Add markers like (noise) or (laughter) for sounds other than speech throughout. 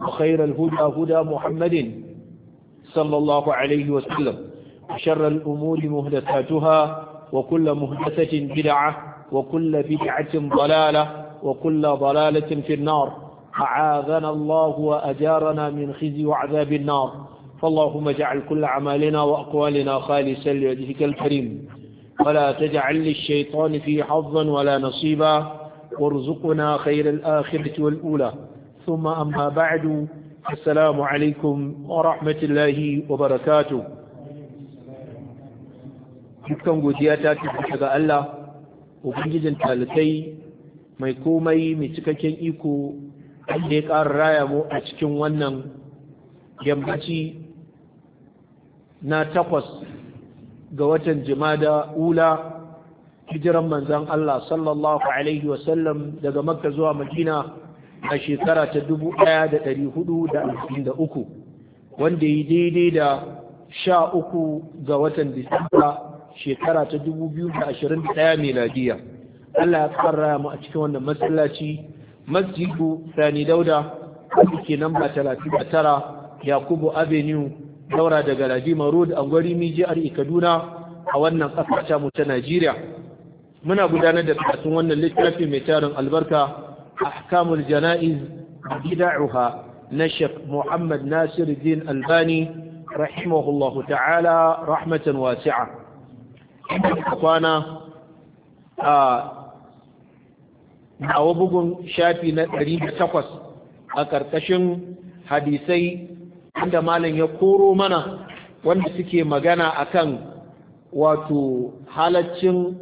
وخير الهدى هدى محمد صلى الله عليه وسلم وشر الأمور مهدثاتها وكل مهدثة بدعة وكل بدعة ضلالة وكل ضلالة في النار أعاذنا الله وأجارنا من خزي وعذاب النار فاللهم اجعل كل عمالنا وأقوالنا خالصا لوجهك الكريم ولا تجعل للشيطان في حظا ولا نصيبا وارزقنا خير الآخرة والأولى ثم أما بعد السلام عليكم ورحمة الله وبركاته dukkan godiya ta tafi ga Allah ubangijin talatai mai komai mai cikakken iko wanda ya ƙara raya mu a cikin wannan yammaci na takwas ga watan jimada ula hijiran manzan Allah sallallahu alaihi wasallam daga makka zuwa madina a shekara ta dubu ɗaya da ɗari hudu da hamsin da uku wanda yi daidai da sha uku ga watan disamba shekara ta dubu biyu da ashirin da ɗaya meladiya allah ya ƙara mu a cikin wannan masallaci masjidu sani dauda wanda ke namba talatin da tara yakubu avenue daura daga ladima road angwari mijiyar kaduna a wannan ƙasa ta mu ta najeriya muna gudanar da karatun wannan littafi mai tarin albarka أحكام الجنائز بدعها نشق محمد ناصر الدين الباني رحمه الله تعالى رحمة واسعة أخوانا a bugun shafi na 108 a ƙarƙashin hadisai inda malam ya koro mana wanda suke magana akan wato halaccin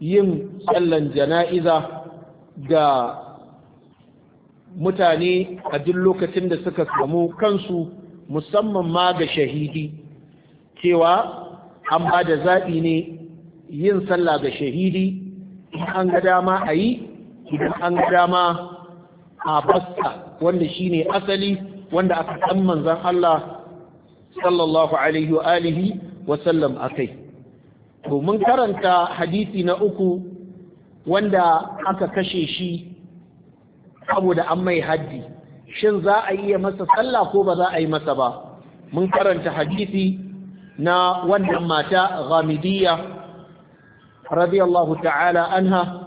yin tsallan jana'iza Da mutane a duk lokacin da suka samu kansu musamman ma ga shahidi cewa an ba da zaɓi ne yin sallah ga shahidi an ga dama a yi idan an ga dama a basta wanda shi ne asali wanda aka san manzon Allah sallallahu alaihi wa alihi wa sallam akai to mun karanta hadisi na uku wanda aka kashe shi saboda an mai haddi shin za a iya masa sallah ko ba za a yi masa ba mun karanta hadisi na wannan mata ghamidiyya radiyallahu ta'ala anha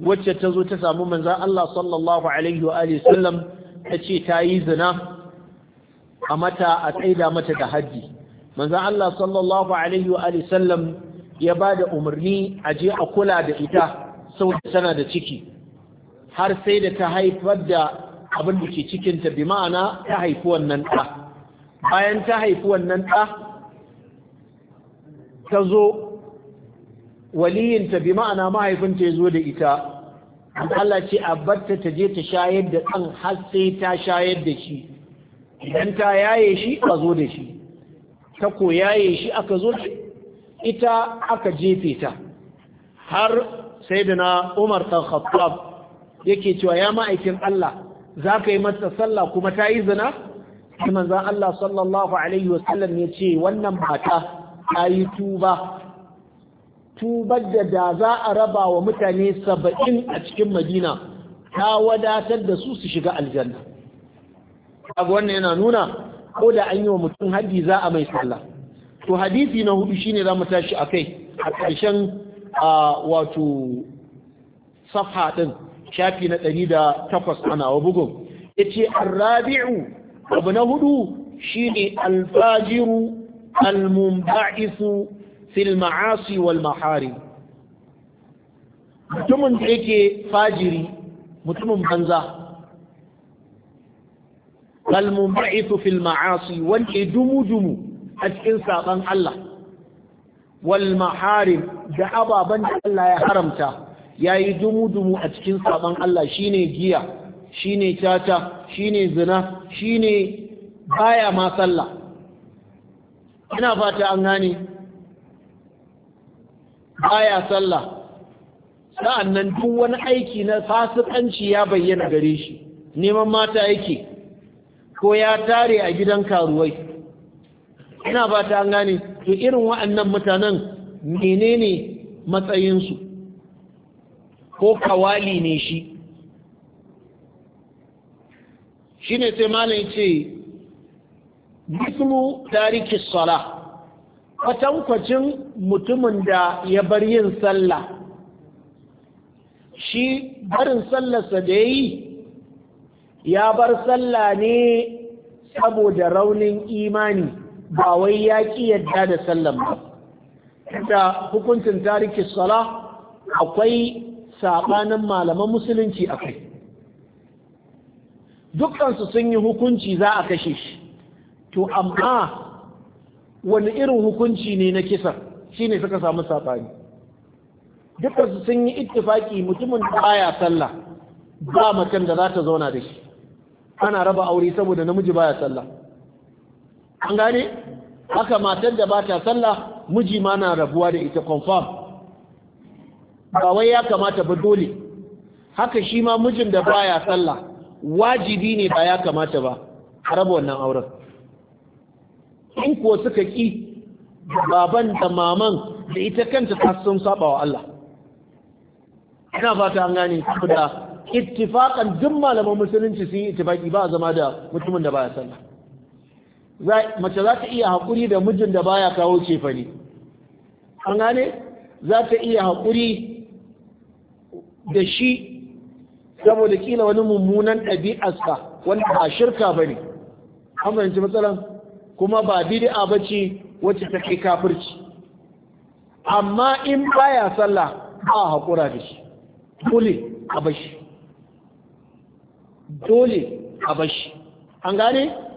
wacce ta zo ta samu manzan Allah sallallahu alaihi wa alihi sallam ta ce ta yi zina a mata a tsaida mata da haddi manzan Allah sallallahu alaihi wa alihi sallam ya ba da umarni a je a kula da ita sau da tana da ciki har sai da ta haifar da abin da ke cikinta bi ma'ana ta haifi wannan ɗa bayan ta haifi wannan ɗa ta zo waliyinta bi ma'ana mahaifinta ya zo da ita Allah ce a barta ta je ta shayar da ɗan har sai ta shayar da shi idan ta yaye shi a zo da shi ta ko yaye shi aka zo da shi ita aka jefe ta har sai da na umar ɗan khattab yake cewa ya ma'aikin Allah za ka yi mata sallah kuma ta yi zina sai manzan Allah sallallahu alaihi wasallam ya ce wannan mata ta yi tuba tubar da da za a raba wa mutane saba'in a cikin madina ta wadatar da su su shiga aljanna kaga wannan yana nuna ko da an yi wa mutum haddi za a mai sallah to hadisi na hudu shine zamu mu a kai a ƙarshen wato safha ɗin shafi na ɗari da takwas ana wa bugun yace ce rabi'u abu na hudu shine alfajiru almumba'isu fil ma'asi wal mahari mutumin da yake fajiri mutumin banza kalmumba'isu fil ma'asi wanda dumu-dumu a cikin saban Allah wal maharim da ababan da Allah ya haramta yayi dumu-dumu a cikin saban Allah shine giya shine tata shine zina shine baya ma sallah ina fata an gane baya sallah sa'annan duk wani aiki na fasikanci ya bayyana gare shi neman mata yake ko ya tare a gidan karuwai ina ba ta gane to irin wa'annan mutanen menene matsayinsu ko kawali ne shi shi ne sai malin ce bismu tariki sala kwatankwacin mutumin da ya bar yin sallah shi barin sallarsa da ya yi ya bar sallah ne saboda raunin imani ba wai ya ƙi yadda da sallan ba da hukuncin tarihi sala akwai saɓanin malaman musulunci akai dukkansu sun yi hukunci za a kashe shi to amma wani irin hukunci ne na kisa shi ne suka samu saɓani dukkansu sun yi ittifaki mutumin da baya sallah ba macen da za ta zauna da shi ana raba aure saboda namiji baya sallah an gane haka matar da ba ta sallah miji ma na rabuwa da ita confirm ba wai ya kamata ba dole haka shi ma mijin da baya sallah wajibi ne ba ya kamata ba a raba wannan auren in kuwa suka ki baban da maman da ita kanta ta sun saba wa Allah ina fata an gane saboda ittifaqan duk malaman musulunci sun yi ittifaqi ba zama da mutumin da baya sallah mace za ta iya haƙuri da mijin da baya kawo cefane an gane za ta iya haƙuri da shi saboda kila wani mummunan ɗabi'arsa wanda ba shirka ba ne an fahimci matsalan kuma ba bid'a ba ce wacce ta kai kafirci amma in baya sallah ba haƙura da shi dole a bashi dole a bashi an gane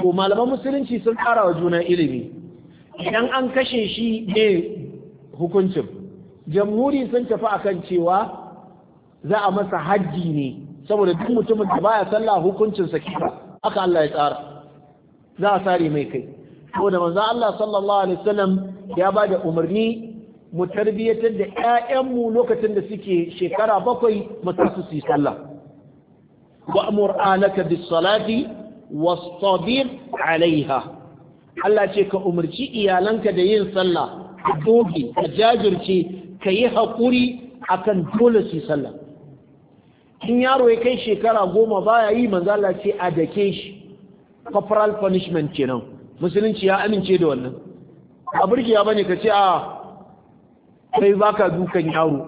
to malaman musulunci sun ƙara wa juna ilimi idan an kashe shi ne hukuncin jamhuri sun tafi akan cewa za a masa hajji ne saboda duk mutumin da baya sallah hukuncinsa kifa aka Allah ya tsara za a sare mai kai saboda manzo Allah sallallahu alaihi wasallam ya ba da umarni mu tarbiyyatar da ƴaƴanmu lokacin da suke shekara bakwai mu tasu su yi sallah wa'mur alaka bis salati wastabir alaiha Allah ce ka umarci iyalanka da yin sallah ka doge ka jajirce ka yi haƙuri akan dole su sallah in yaro ya kai shekara goma ba ya yi manzala ce a dake shi corporal punishment ke nan. musulunci ya amince da wannan a burkiya bane ka ce a kai baka dukan yaro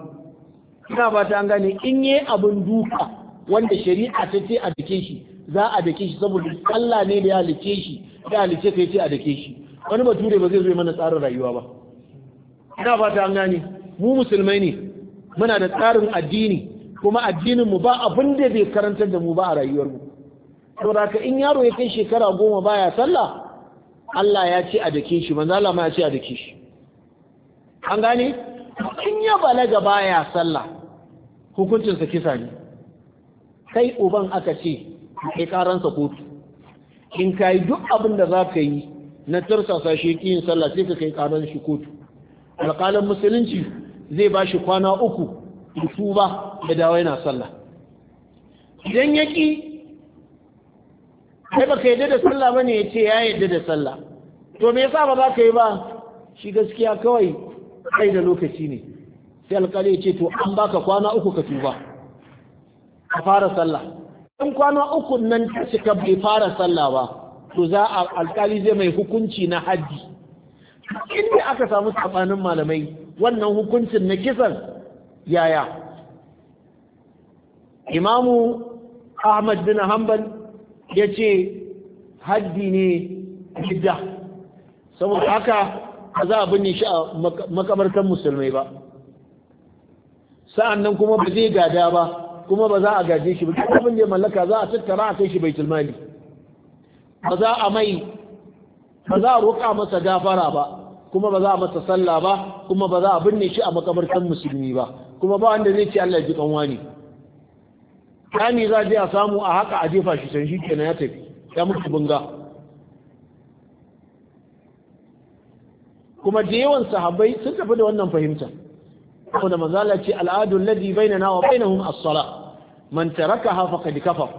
ina ba ta gane in yi abin duka wanda shari'a ta ce a dake shi za a dake shi saboda Allah ne da ya halice shi da halice kai ce a dake shi wani bature ba zai zo mana tsarin rayuwa ba ina fata an gane mu musulmai ne muna da tsarin addini kuma addinin mu ba abin da bai karantar da mu ba a rayuwar mu saboda ka in yaro ya kai shekara goma baya sallah Allah ya ce a dake shi manzo Allah ma ya ce a dake shi an gane in ya balaga baya sallah hukuncinsa kisa ne kai uban aka ce kai karansa kotu in ka yi duk abin da za ka yi na tursasa shi yin sallah sai ka kai karan shi kotu alƙalin musulunci zai ba shi kwana uku da ba da dawai yana sallah idan ya ƙi kai ba ka yadda da sallah ba ne ya ce ya yadda da sallah to me yasa ba za ka yi ba shi gaskiya kawai kai da lokaci ne sai alƙali ya ce to an baka kwana uku ka tuba a fara sallah in kwana uku nan ta cika bai fara sallah ba to za a alkali zai mai hukunci na haji inda aka samu tsabanin malamai wannan hukuncin na kisan yaya imamu ahmad bin hanbal ya ce haddi ne gida saboda haka ba za a binne shi a makamartar musulmai ba sa'an nan kuma ba zai gada ba kuma ba za a gaje shi ba abin da ya mallaka za a tattara a kai shi baitul mali ba za a mai ba za a roƙa masa gafara ba kuma ba za a masa sallah ba kuma ba za a binne shi a makabartan musulmi ba kuma ba wanda zai ce Allah ji kanwa ne kani za je a samu a haka a jefa shi can shi kenan ya tafi ya mutu bunga kuma da yawan sahabbai sun tafi da wannan fahimtar saboda manzala ce al'adun ladhi bainana wa bainahum as-salah man tarakaha faqad kafar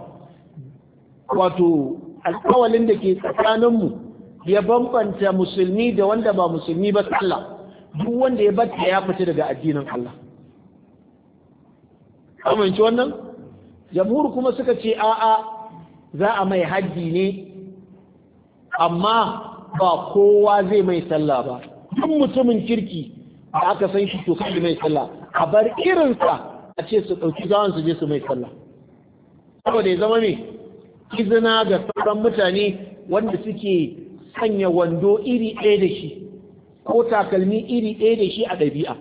wato alƙawalin da ke tsakanin mu ya bambanta musulmi da wanda ba musulmi ba sallah duk wanda ya bata ya fita daga addinin Allah ci wannan jamhur kuma suka ce a'a za a mai haddi ne amma ba kowa zai mai sallah ba duk mutumin kirki da aka san shi to kai mai sallah a bar irinsa a ce su ɗauki gawan su je su mai sallah saboda ya zama mai izina ga sauran mutane wanda suke sanya wando iri ɗaya da shi ko takalmi iri ɗaya da shi a ɗabi'a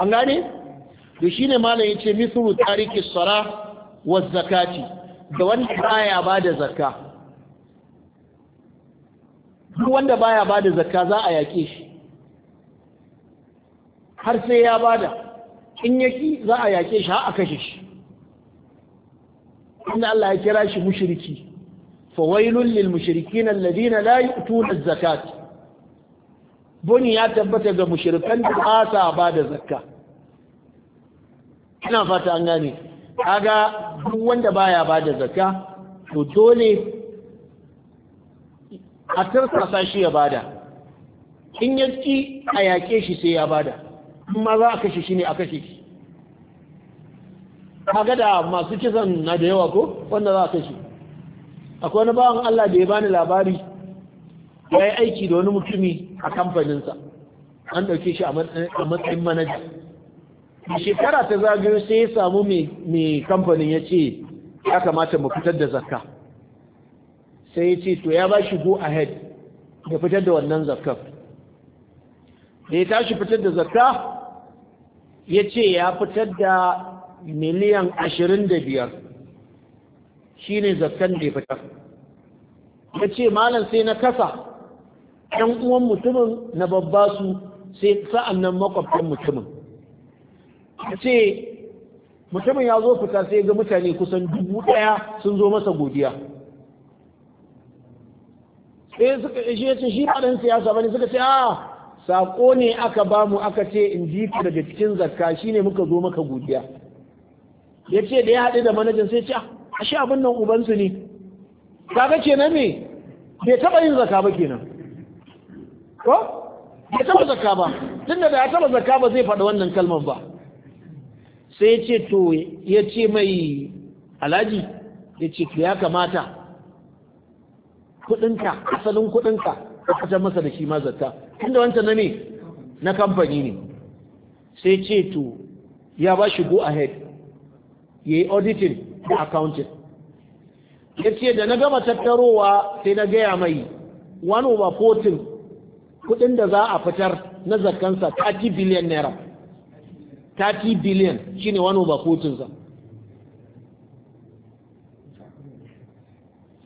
an gane da shi ne malam ya ce misru tariki sara wa zakati da wanda baya ba da zakka duk wanda baya ba da zakka za a yaƙe shi har sai ya bada in yaki za a yake shi a kashe shi inda Allah ya kira shi mushriki fawailun lil mushrikin alladhina la yu'tuna az-zakat buni ya tabbata ga mushrikan da ba sa ba da zakka ina fata an gane kaga duk wanda baya ba da zakka to dole a tarsasa shi ya bada in ya a yaƙe shi sai ya bada ma za a kashe shi ne a kashe shi kaga da masu kisan na da yawa ko wanda za a kashe akwai wani bawan Allah da ya bani labari ya yi aiki da wani mutumi a kamfaninsa an ɗauke shi a matsayin manaja shekara ta zagayo sai ya samu mai kamfanin ya ce ya kamata mu fitar da zakka sai ya ce to ya ba shi go ahead ya fitar da wannan zakka da ya tashi fitar da zakka ya ce ya fitar da miliyan ashirin da biyar shi ne zaton da ya fitar ya ce malam sai na kasa ɗan uwan mutumin na babba su sai sa'an nan makwabtan mutumin ya ce mutumin ya zo fita sai ga mutane kusan dubu ɗaya sun zo masa godiya sai suka ishe shi ba ɗan siyasa ba suka ce a ah, saƙo ne aka ba mu aka ce in ji ka daga cikin zakka shine muka zo maka godiya ya ce da ya haɗu da manajan sai ce a ah, shi abin nan ubansu ne kaga kenan me bai taɓa yin zakka ba kenan ko bai taɓa zakka ba tunda da ya taɓa zakka ba zai faɗi wannan kalmar ba sai ya ce to ya ce mai alhaji ya ce ya kamata kuɗinka asalin kuɗinka a masa da shi ma zata inda wancan na ne na kamfani ne sai ce to ya ba shi go ahead ya yi auditing da accounting ya ce da na gama tattarowa sai na gaya mai 1 over 14 kudin da za a fitar na zakkansa 30 billion naira 30 billion shine 1 over 14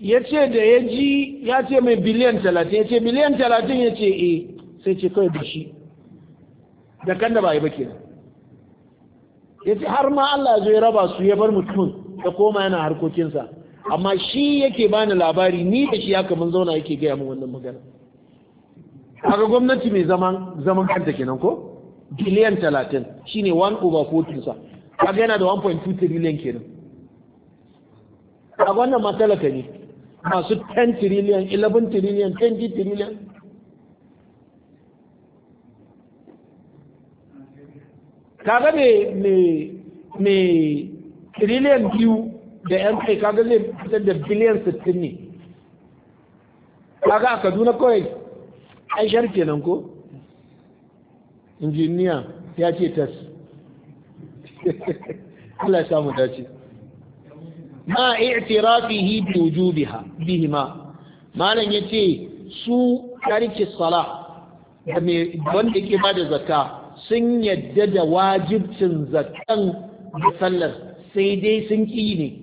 ya ce da ya ji ya ce mai biliyan talatin ya ce biliyan talatin ya ce e sai ce kawai bashi da kan da ba yi ba kenan ya ce har ma Allah zai raba su ya bar mutumin da koma yana harkokinsa amma shi yake bani labari ni da shi haka mun zauna yake gaya min wannan magana haka gwamnati mai zaman zaman kanta kenan ko biliyan talatin shine 1 over 14 sa kaga yana da 1.2 trillion kenan a wannan matsalaka ne masu 10 trillion 11 trillion 20 trillion kaga me me trillion biyu da yan kai kaga zai fitar da biliyan 60 ne kaga a kaduna kawai an shar kenan ko injiniya ya ce tas (laughs) Allah ya samu dace ma i'tirafihi bi wujubiha bihima malam yace su tarki salah da me wanda ba da zakka sun yadda da wajibcin zakkan da sallar sai dai sun ki ne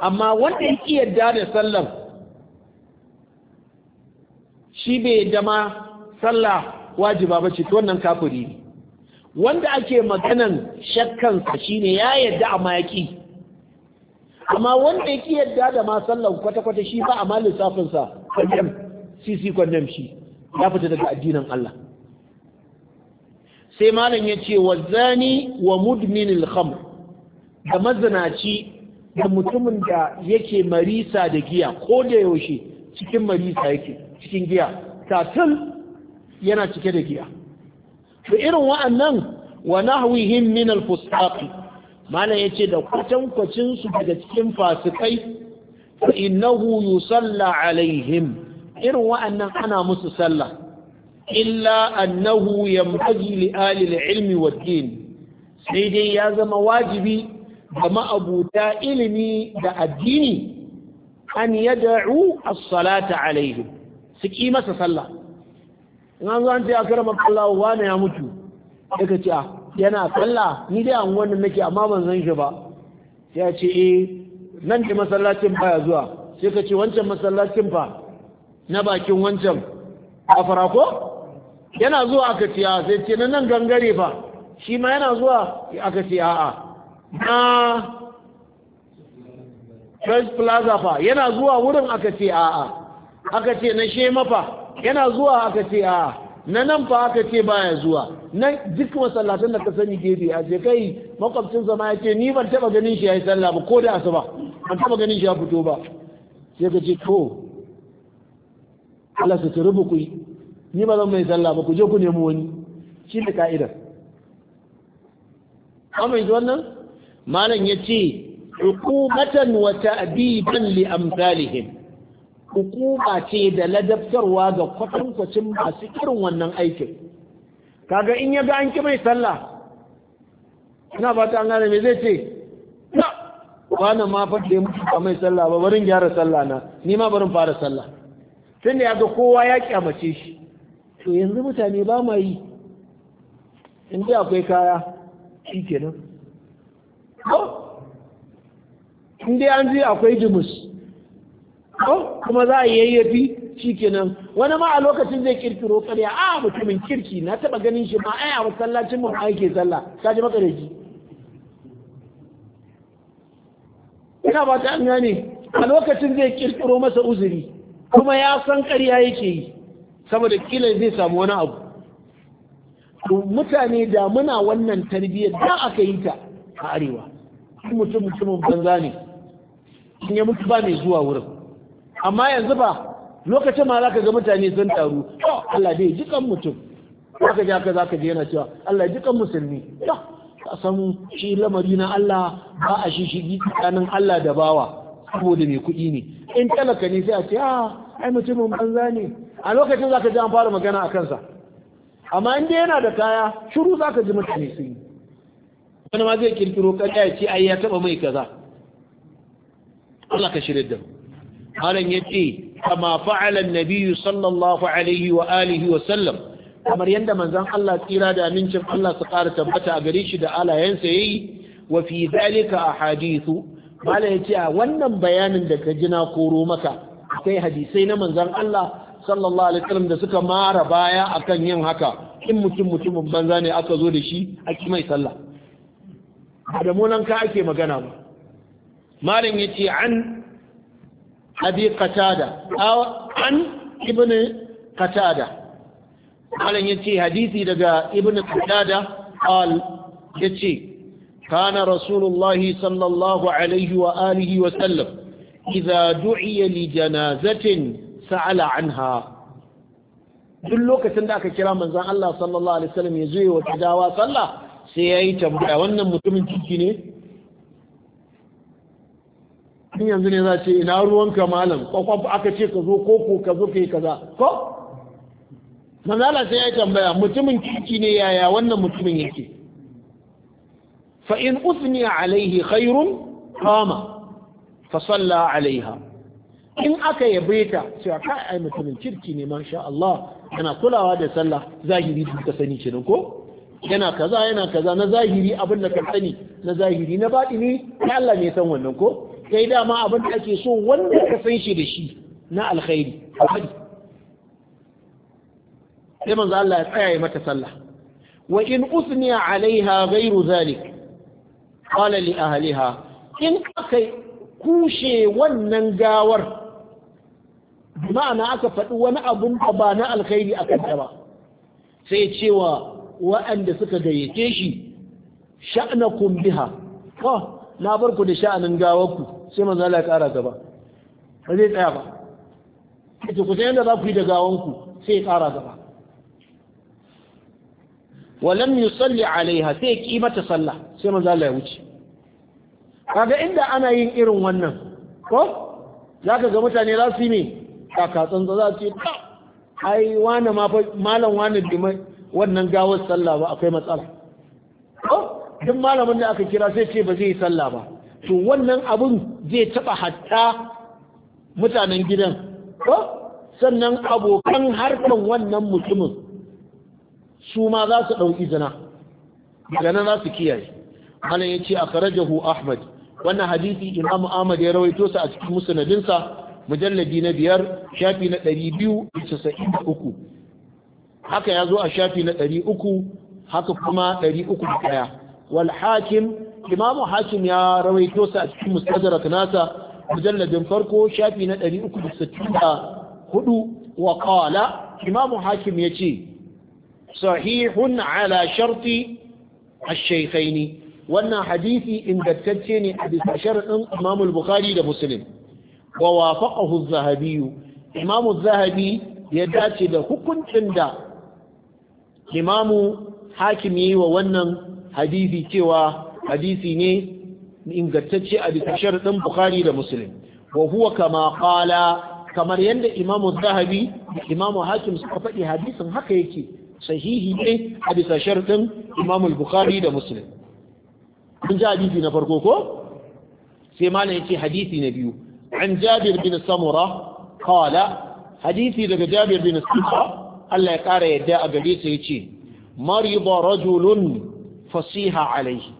amma wanda yake yadda da sallar shi bai dama ma sallah wajiba ce, to wannan kafiri ne wanda ake maganan shakkansa shine ya yadda amma ya amma wanda yake yadda da ma sallan kwata-kwata shi ba amma lissafinsa kwandam sisi kwandam shi ya fita daga addinin Allah sai malam ya ce wa zani wa mudminil khamr da mazinaci da mutumin da yake marisa da giya ko da yaushe cikin marisa yake cikin giya tatil yana cike da giya to irin wa'annan wa nahwihim min al-fusaqi malam yace da kwatankwacinsu su daga cikin fasikai fa innahu yusalla alaihim irin wa'annan ana musu sallah illa annahu yanbaghi li ahli ilmi wad sai dai ya zama wajibi ga ma'abuta ilimi da addini an yad'u as-salata alaihim su ki masa sallah in an zo an ce a karama Allah wane ya mutu ka ce a ah, yana kalla ni dai an wannan nake amma ban san shi ba sai ya ce eh nan da masallacin ya zuwa sai ka ce wancan masallacin fa na bakin wancan a farako yana zuwa aka ce sai ce nan gangare fa shi ma yana zuwa aka ce a'a na Fresh Plaza fa yana zuwa wurin aka ce a'a aka ce na Shema fa yana zuwa aka ce a'a na nan fa aka ce baya zuwa nan duk masallatan da ka sani gefe a ce kai makwabcin zama ya ce ni ban taba ganin shi yayi sallah ba ko da asuba ban taba ganin shi ya fito ba sai ka ce to Allah su turubu ku ni ba zan mai sallah ba ku je ku nemi wani shi ne ka'idar amma yanzu wannan malam ya ce uqubatan wa ta'diban li amsalihim hukuma ce da ladabtarwa ga kwatankwacin masu irin wannan aikin kaga in ya ga an ki mai sallah ina ba ta an gane me zai ce na ma fa da mutu ba mai sallah ba barin gyara sallah na ni ma barin fara sallah tunda ya ga kowa ya kyamace shi to yanzu mutane ba ma yi in dai akwai kaya shi kenan in dai an ji akwai jimus kuma za a yayyafi shikenan wani ma a lokacin zai kirkiro karya a ah, mutumin kirki na taba ganin shi ma ai a masallacin mu ake sallah ta ji makaraji ina ba ta gane a lokacin zai kirkiro masa uzuri kuma ya san karya yake yi saboda kila zai samu wani abu mutane da muna wannan tarbiyyar da aka yi ta a arewa mutum mutumin banza ne in ya mutu ba mai zuwa wurin amma yanzu ba lokacin ma za ka ga mutane sun taru Allah dai jikan mutum ka ji haka za ka ji yana cewa Allah jikan musulmi ka san shi lamari na Allah ba a shi shi tsakanin Allah da bawa saboda mai kuɗi ne in talaka ne sai a ce a ah, ai mutumin banza ne a lokacin za ka ji an fara magana a kansa amma in dai yana da kaya shiru za ka ji mutane sun yi wani ma zai kirkiro ƙarya ya ce ai ya taɓa mai kaza Allah ka shirya da mu malam yace kama fa'alan nabiyyu nabi sallallahu alaihi wa alihi wa sallam kamar yanda manzon Allah tsira da amincin Allah su ƙara tabbata a gare shi da alayensa yayi wa fi zalika ahadithu malam yace a wannan bayanin da ka ji na koro maka akwai hadisai na manzon Allah sallallahu alaihi wasallam da suka mara baya akan yin haka in mutum mutumin banza ne aka zo da shi a mai sallah da munan ka ake magana ba malam yace an abi qatada aw an ibn qatada malan yace hadisi daga ibn qatada qal yace kana rasulullahi sallallahu alaihi wa alihi wa sallam idza du'iya li janazatin sa'ala anha duk lokacin da aka kira manzon Allah sallallahu alaihi wasallam ya zo wa dawa sallah sai yayi tambaya wannan mutumin ciki ne in yanzu ne za ce ina ruwanka malam kwakwaf aka ce ka zo ko ka zo ka yi kaza ko manzala sai ya tambaya mutumin kirki ne yaya wannan mutumin yake fa in usni alaihi khairun qama fa salla alaiha in aka yabe ta sai ka ai mutumin kirki ne masha Allah yana kulawa da sallah zahiri da ka sani kenan ko yana kaza yana kaza na zahiri abin da ka sani na zahiri na baɗi ne Allah ne san wannan ko kai dama abin da ake so wanda ka san shi da shi na alkhairi abadi sai manzo Allah ya tsaya ya mata sallah wa in usniya alaiha ghairu zalik qala li ahliha in aka kushe wannan gawar ma'ana aka faɗi wani abun da ba na alkhairi a kanta ba sai cewa wa'anda suka gayyace shi sha'nakum biha ko oh, na bar ku da sha'anin gawarku sai manzo Allah ya ƙara gaba ba zai tsaya ba ita ku sai yadda za ku yi da gawanku sai ya ƙara gaba walam yusalli alaiha sai ya ƙi mata sallah sai manzo Allah ya wuce kaga inda ana yin irin wannan ko zaka ga mutane za su yi me kaka tsantsa za su yi ta ai wani ma fa malam wani dima wannan gawar sallah ba akwai matsala ko duk malamin da aka kira sai ce ba zai yi sallah ba to wannan abin zai taɓa hatta mutanen gidan ko sannan abokan harkan wannan mutumin su ma za su ɗau izina daga za su kiyaye ana ya ce a hu ahmad wannan hadisi imam ahmad ya rawaito sa a cikin musanadinsa. mujalladi na biyar shafi na ɗari haka ya zo a shafi na ɗari haka kuma ɗari wal hakim imamu hakim ya rawaito sa a cikin mustadrak nasa mujalladin farko shafi na 364 wa qala imamu hakim yace sahihun ala sharti ash-shaykhaini wannan hadisi ingantacce ne a bisa sharadin imamu bukhari da muslim wa wafaqahu az-zahabi imamu az-zahabi ya dace da hukuncin da imamu hakim yi wa wannan hadisi cewa hadisi ne ingantacce a bisa sharadin bukhari da muslim wa huwa kama qala kamar yadda imam zahabi imam hakim suka faɗi hadisin haka yake sahihi ne a bisa sharadin imam bukhari da muslim kun ji hadisi na farko ko sai malam yace hadisi na biyu an jabir bin samura qala hadisi daga jabir bin samura Allah ya kara yadda a gare sa yace marida rajulun fasiha alaihi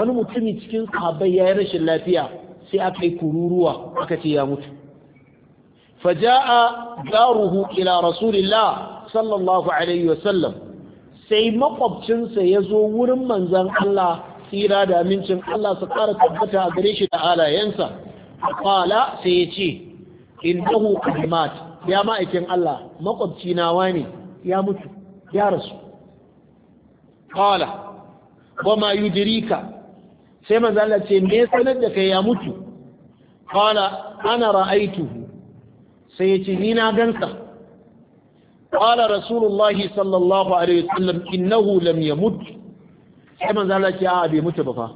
wani mutumi cikin kabai ya yi rashin lafiya sai aka yi kururuwa aka ce ya mutu faja'a jaruhu ila rasulillah sallallahu alaihi wasallam sai makwabcinsa ya zo wurin manzan Allah tsira da amincin Allah su ƙara tabbata a gare shi da alayensa Fala sai ya ce in dahu qadimat ya ma'aikin Allah makwabci nawa ne ya mutu ya rasu qala wama yudrika sai manzo Allah ce me sanar da kai ya mutu qala ana ra'aituhu sai ya ce ni na gansa qala rasulullahi sallallahu alaihi wasallam innahu lam yamut sai manzo Allah ce a bai mutu ba fa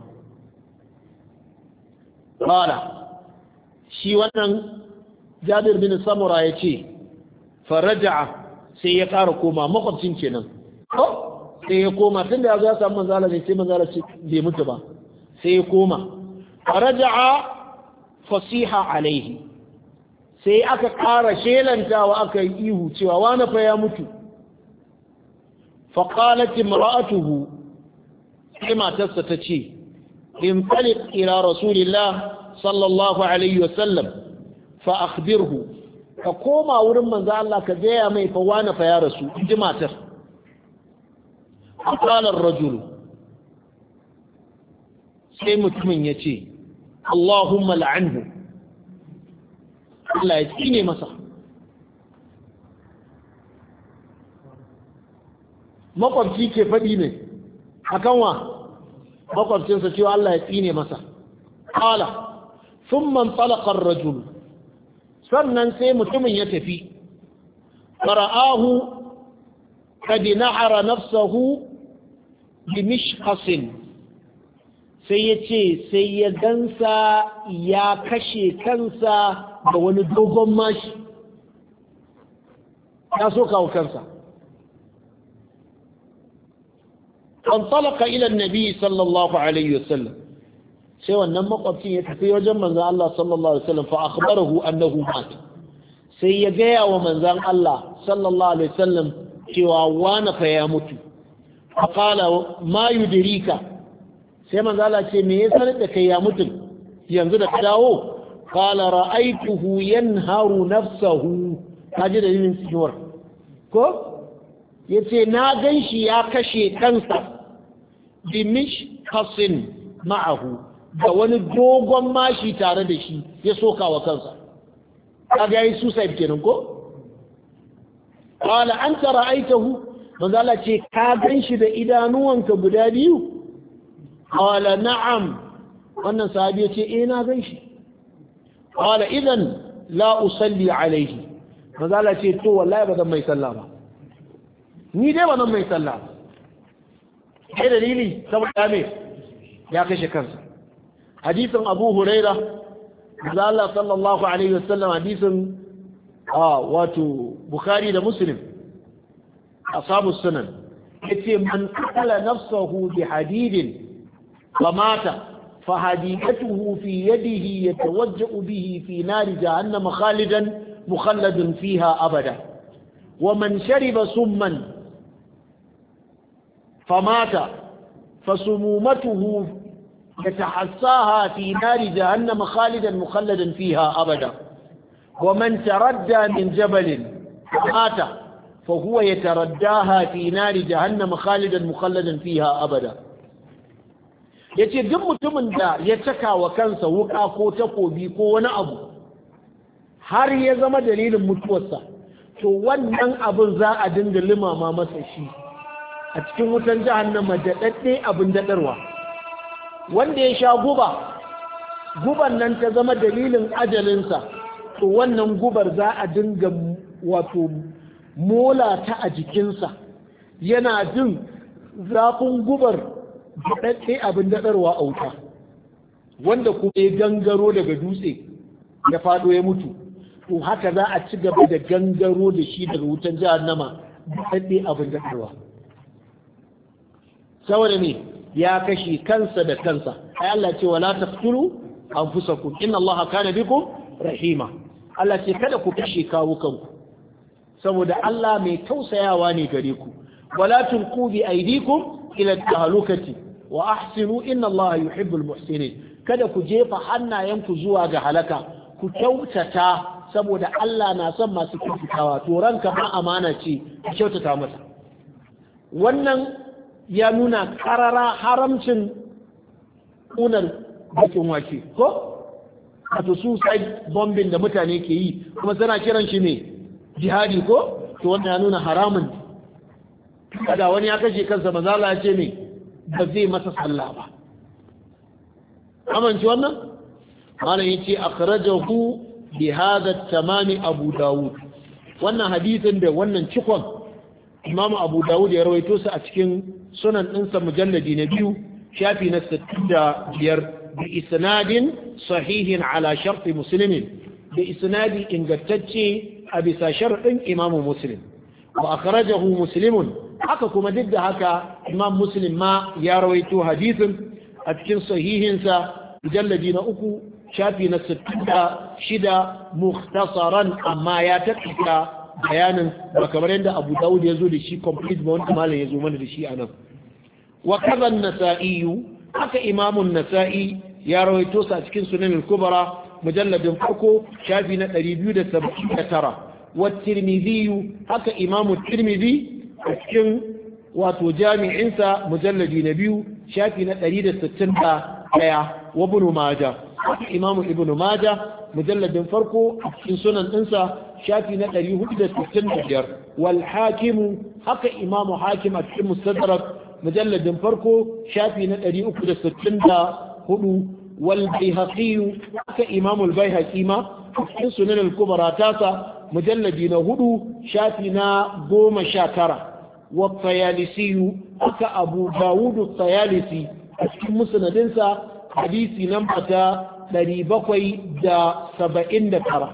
qala shi wannan Jabir bin Samura ya ce faraja'a sai ya ƙara koma makwabcin kenan sai ya koma tun da ya zo ya samu manzo Allah sai manzo Allah ce bai mutu ba sai ya koma raja'a fasiha alaihi sai aka ƙara shelantawa aka yi ihu cewa wani fa ya mutu faƙalat imra'atuhu sai matarsa ta ce in talib ila rasulillah sallallahu alaihi wasallam fa akhbirhu ka koma wurin manzo Allah ka gaya mai fa wani fa ya rasu in ji matar a ƙalar rajulu sai mutumin ya ce Allahumma la'anhu Allah ya tsine masa makwabci ke faɗi ne a kanwa makwabcinsa cewa Allah ya tsine masa qala sun man ar-rajul sannan sai mutumin ya tafi fara'ahu qad nahara nafsahu bi mishkasin sai ya ce sai ya gansa ya kashe kansa da wani dogon mashi ya so kawo kansa fantalaka ilan nabi sallallahu alaihi wasallam sai wannan makwabcin ya tafi wajen manzan Allah sallallahu alaihi wasallam fa akhbarahu annahu mat sai ya gaya wa manzan Allah sallallahu alaihi wasallam cewa wani fa ya mutu fa qala ma yudrika sai manzo Allah ce me ya sanar da kai ya mutum yanzu da ka dawo qala ra'aytuhu yanharu nafsahu kaji da yin tsiwar ko yace na ganshi ya kashe kansa dimish kasin ma'ahu da wani dogon mashi tare da shi ya soka wa kansa kaga yi suicide kenan ko qala anta ra'aytahu manzo Allah ce ka ganshi da idanuwanka guda biyu qala na'am wannan sahabi ya ce eh na gan shi qala idan la usalli alaihi manzala ce to wallahi ba zan mai sallah ba ni dai ba zan mai sallah ba sai dalili saboda me ya kashe kansa hadisin abu huraira manzala sallallahu alaihi wasallam hadisin a wato bukhari da muslim ashabu sunan yace man qala nafsahu bi hadidin فمات فهديته في يده يتوجأ به في نار جهنم خالدا مخلد فيها أبدا ومن شرب سما فمات فسمومته يتحساها في نار جهنم خالدا مخلدا فيها أبدا ومن تردى من جبل فمات فهو يترداها في نار جهنم خالدا مخلدا فيها أبدا ya ce duk mutumin da ya caka wa kansa wuka ko takobi ko wani abu har ya zama dalilin mutuwarsa to wannan abin za a dinga limama masa shi a cikin wutan jahannama na daɗe abin daɗarwa wanda ya sha guba guban nan ta zama dalilin ajalinsa to wannan gubar za a dinga wato mola ta a jikinsa yana jin zafin gubar haɗaɗɗe abin daɗarwa a wuta wanda kuma ya gangaro daga dutse ya faɗo ya mutu to haka za a ci gaba da gangaro da shi daga wutan jihar nama haɗaɗɗe abin daɗarwa saboda ne ya kashe kansa da kansa ai Allah ce wala taqtulu anfusakum inna Allah kana biku, rahima Allah ce kada ku kashe kawo kanku saboda Allah mai tausayawa ne gare ku wala tulqu bi aydikum ila tahlukati wa ahsinu inna Allah yuhibbul muhsinin kada ku jefa hannayenku zuwa ga halaka ku kyautata saboda Allah na son masu kyautatawa to ranka ma amana ce ku kyautata masa wannan ya nuna karara haramcin kunar bakin wake ko wato suicide bombing da mutane ke yi kuma suna kiran shi ne jihadi ko to wannan ya nuna haramun kada wani ya kashe kansa maza ya ce ne ba zai masa sallah ba amince wannan malam yace akhrajahu bi hadha tamami abu dawud wannan hadisin da wannan cikon imamu abu dawud ya rawaito su a cikin sunan ɗinsa mujalladi na biyu shafi na 65 bi isnadin sahihin ala sharti muslimin da isnadi ingantacce a bisa sharɗin imamu muslim wa akhrajahu muslimun haka kuma duk da haka imam muslim ma ya rawaito hadisin a cikin sahihinsa jalladi na uku shafi na shida mukhtasaran amma ya taƙaita bayanin ba kamar yadda abu dawud ya zo da shi complete ba wanda malam ya zo mana da shi a nan wa kazan nasa'iyu haka imamun nasa'i ya rawaito sa cikin sunan kubara mujalladin farko shafi na 279 wa tirmidhi haka imamu tirmidhi a cikin wato jami'insa mujalladi na biyu shafi na ɗari da da sittin 161 wa ibn majah imamu ibn majah mujalladin farko a cikin sunan ɗinsa shafi na ɗari hudu da da sittin biyar. wal hakimu haka imamu hakim a cikin mustadrak mujalladin farko shafi na ɗari uku da da sittin hudu. wal bayhaqi haka imamu al bayhaqi ma cikin sunan al kubra tasa mujalladi na hudu shafi na goma sha tara wa tsayalisiyu aka abu dawudu tsayalisi a cikin musanadinsa hadisi da saba'in da tara.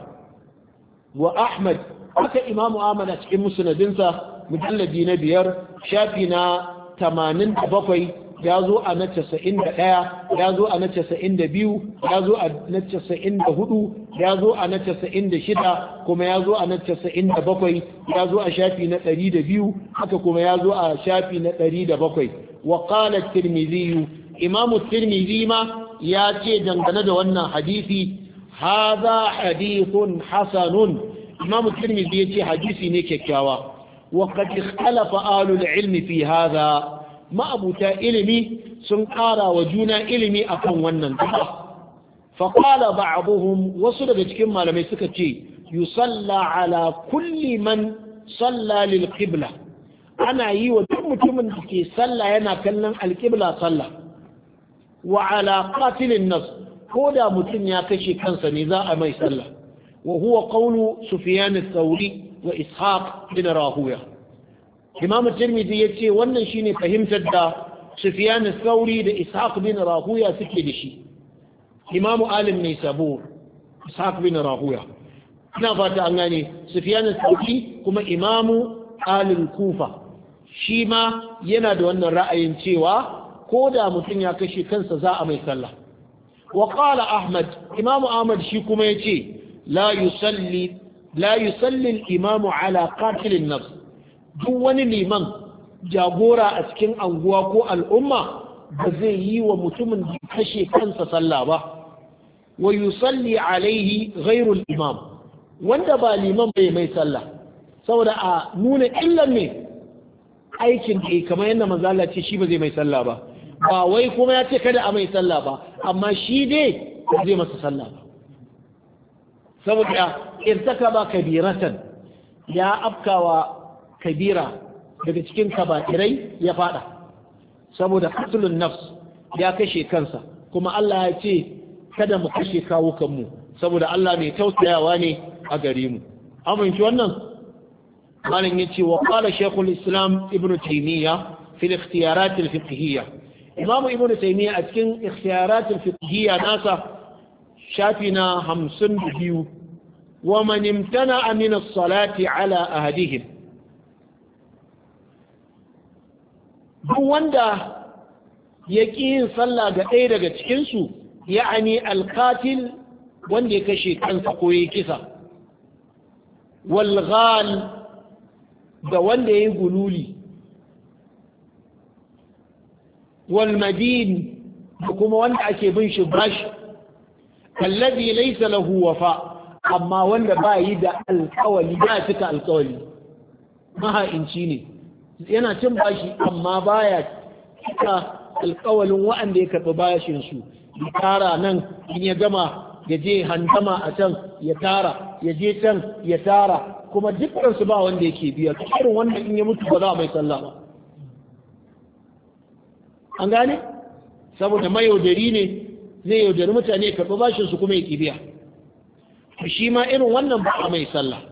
wa ahmad aka imamu ahmad a cikin musanadinsa mujalladi na biyar shafi na tamanin bakwai. ya zo a na casa'in da ɗaya ya zo a na casa'in da biyu ya zo a na casa'in da hudu ya zo a na casa'in da shida kuma ya zo a na casa'in da bakwai ya zo a shafi na ɗari da biyu haka kuma ya zo a shafi na ɗari da bakwai wa ƙala tirmiziyu imamu tirmizi ma ya ce dangane da wannan hadisi haza hadithun hasanun imamu tirmizi ya ce hadisi ne kyakkyawa wa qad ikhtalafa ahlul ilmi fi hadha ma'abuta ilimi sun ƙara wa juna ilimi akan wannan gaba faƙala ba'abuhum wasu daga cikin malamai suka ce yusalla ala kulli man salla lil qibla ana yi wa duk mutumin da ke sallah yana kallon alƙibla sallah wa ala qatilin nas ko da mutum ya kashe kansa ne za a mai sallah wa huwa qawlu sufyan ath-thawri wa ishaq bin rahuya imamu tirmidhi ya ce wannan shine fahimtar da sufiyan sauri da ishaq bin rahuya suke da shi imamu alim ne sabo ishaq bin rahuya ina fata an gane sufiyan sauri kuma imamu alim kufa shi ma yana da wannan ra'ayin cewa ko da mutum ya kashe kansa za a mai sallah wa qala ahmad imamu ahmad shi kuma yace la yusalli la yusalli al-imamu ala qatil an-nafs duk wani liman jagora a cikin anguwa ko al'umma ba zai yi wa mutumin da kashe kansa sallah ba wa yusalli alaihi ghairul imam wanda ba liman bai mai sallah saboda a nuna illan ne aikin da kamar yadda manzo Allah ce shi ba zai mai sallah ba ba wai kuma ya ce kada a mai sallah ba amma shi dai ba zai masa sallah ba saboda irtakaba kabiratan ya afkawa kabira daga cikin kaba'irai ya fada saboda qatlun nafs ya kashe kansa kuma Allah ya ce kada mu kashe kawukanmu saboda Allah mai tausayawa ne a gare mu amince wannan malam yace wa qala shaykhul islam ibn taymiya fi al-ikhtiyarat al-fiqhiyya imam ibn taymiya a cikin ikhtiyarat al-fiqhiyya nasa shafi na 52 wa man imtana min as-salati ala ahadihim duk wanda ya ƙi yin sallah ga ɗaya daga cikinsu ya'ani alkatil wanda ya kashe kansa ko ya kisa walghal da wanda ya yi gululi walmadin da kuma wanda ake bin shi bashi kallabi laisa lahu wafa amma wanda ba yi da alkawali ba cika alkawali maha'inci ne yana cin bashi amma baya cika alkawalin wa'anda ya karɓi bashin su ya tara nan in ya gama ya je handama a can ya tara ya je can ya tara kuma dukkan su ba wanda yake biya kuma wanda in ya mutu ba za mai sallah ba an gane saboda mayaudari ne zai yaudari mutane ya karɓi bashin su kuma ya biya shi ma irin wannan ba a mai sallah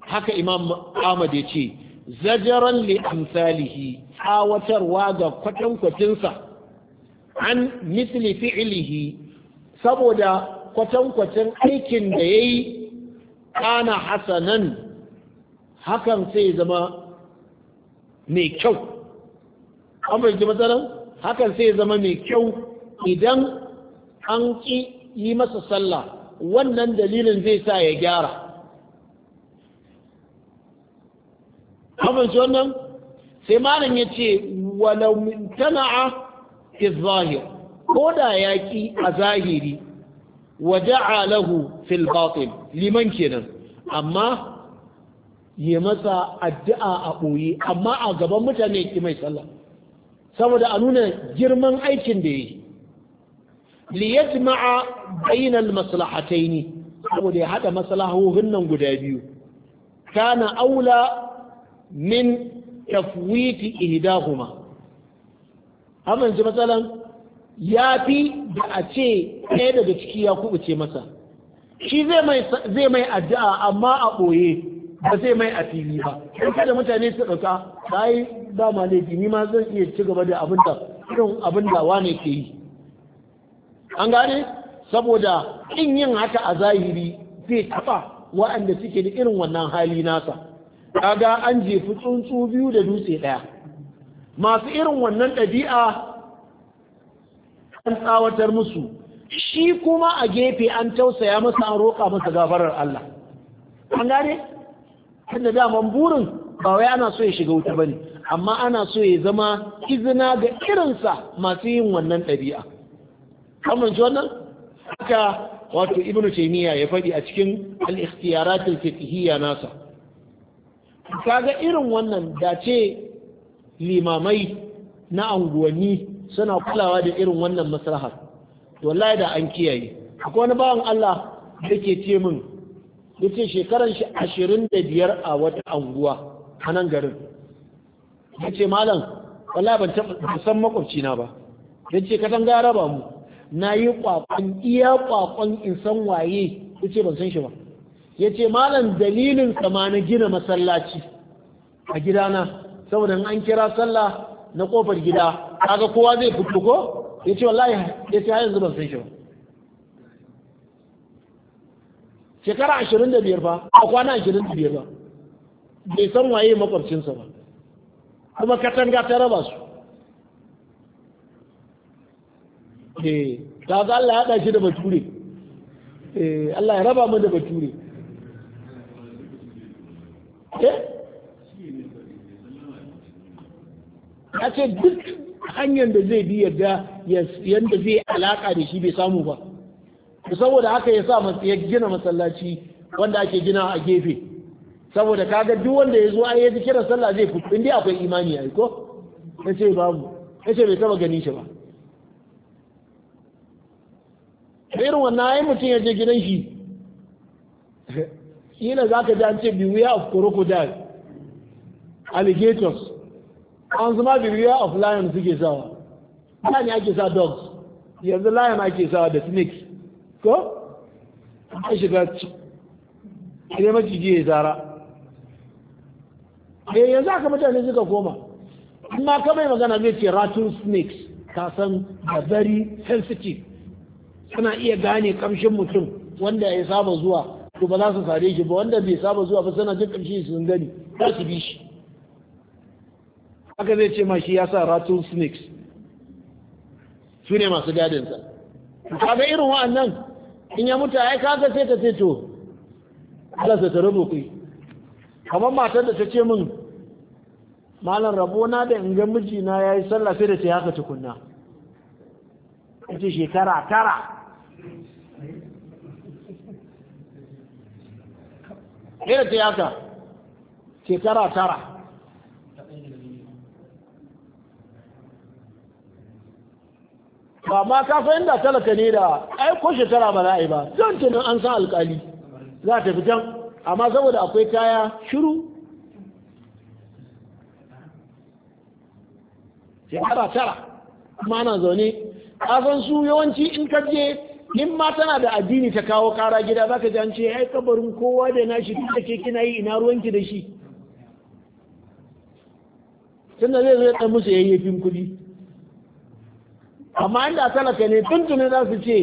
haka imam ahmad ya ce zajaran li amsalihi tsawatarwa ga kwatankwacinsa an misli fi'ilihi saboda kwatankwacin aikin da ya yi kana hasanan hakan sai zama mai kyau an fahimci matsalar hakan sai zama mai kyau idan an ƙi yi masa sallah wannan dalilin zai sa ya gyara amince wannan sai malam ya ce walau tana'a fi zahir ko da ya ki a zahiri wa ja'alahu fil batin liman kenan amma ya masa addu'a a ɓoye amma a gaban mutane ki mai sallah saboda a nuna girman aikin da yi liyajma'a bainal ne saboda ya hada maslahohin nan guda biyu kana aula min tafwiti ihdahuma amma yanzu matsalan ya fi da a ce ɗaya daga ciki ya kubuce masa shi zai mai addu'a amma a ɓoye ba zai mai a fili ba in kada mutane su ɗauka yi ba ma laifi ni ma zan iya ci gaba da abin da irin abin da wane ke yi an gane saboda in yin haka a zahiri zai taɓa waɗanda suke da irin wannan hali nasa kaga an jefi tsuntsu biyu da dutse ɗaya masu irin wannan ɗabi'a an tsawatar musu shi kuma a gefe an tausaya masa an roƙa masa gafarar Allah an gane da daman burin ba wai ana so ya shiga wuta bane amma ana so ya zama izina ga irinsa masu yin wannan ɗabi'a kamar wannan haka wato ibnu taymiya ya faɗi a cikin al-ikhtiyarat al-fiqhiyya nasa kaga irin wannan dace limamai na anguwanni suna kulawa da irin wannan maslahar wallahi da an kiyaye akwai wani bawan Allah da ke ce min ya ce shekaran shi ashirin da biyar a wata anguwa a nan garin ya ce malam wallahi ban san san na ba ya ce katanga ya raba mu na yi kwakwan iya kwakwan in san waye ya ce ban san shi ba ya ce malam dalilin kama na gina masallaci a gidana saboda an kira sallah na kofar gida kaga kowa zai fito ko ya ce wallahi ya ce hayan zuban sai shi shekara ashirin da biyar ba a kwana ashirin da biyar ba bai san waye makwabcinsa ba kuma katanga ta raba su eh ta ga Allah ya haɗa shi da bature eh Allah ya raba mu da bature eh ya ce duk hanyar da zai bi yadda yadda zai alaka da shi bai samu ba saboda haka ya sa ya gina masallaci wanda ake gina a gefe saboda kaga duk wanda ya zo a yi kira sallah zai fi inda akwai imani a ko ya ce babu ya ce bai taba gani shi ba irin wannan ya mutum ya je gidan shi yana za ka ji an ce beware of crocodile alligators an zama beware of lion suke sawa lion ake sa dogs yanzu lion ake sawa da snake ko an shiga ne maciji ya zara eh yanzu aka mutane suka koma amma kamar magana zai ce ratun snakes ka san da very sensitive suna iya gane kamshin mutum wanda ya saba zuwa to ba za su sare shi ba wanda bai saba zuwa ba suna jin kamshi sun gani ba su bi shi haka zai ce ma shi ya sa ratun snakes su ne masu gadinsa ga irin wa'annan in ya mutu ai kaga sai ta ce to Allah ta rubu ku kamar matar da ta ce min malam rabona da in ga na yayi sallah sai da ta haka tukunna ce shekara tara da ta yaka shekara tara ba ma kafa inda talaka ne da ai ko shekara ba za a yi ba zan tunan an san alkali za ta fi can amma saboda akwai kaya shiru shekara tara kuma ana zaune kasan su yawanci in ka je in ma tana da addini ta kawo kara gida zaka ji an ce ai kabarin kowa da nashi duk da ke kina yi ina ruwanki da shi tunda zai zo ya musu yayyafin kuɗi amma inda talaka ne tuntuni za su ce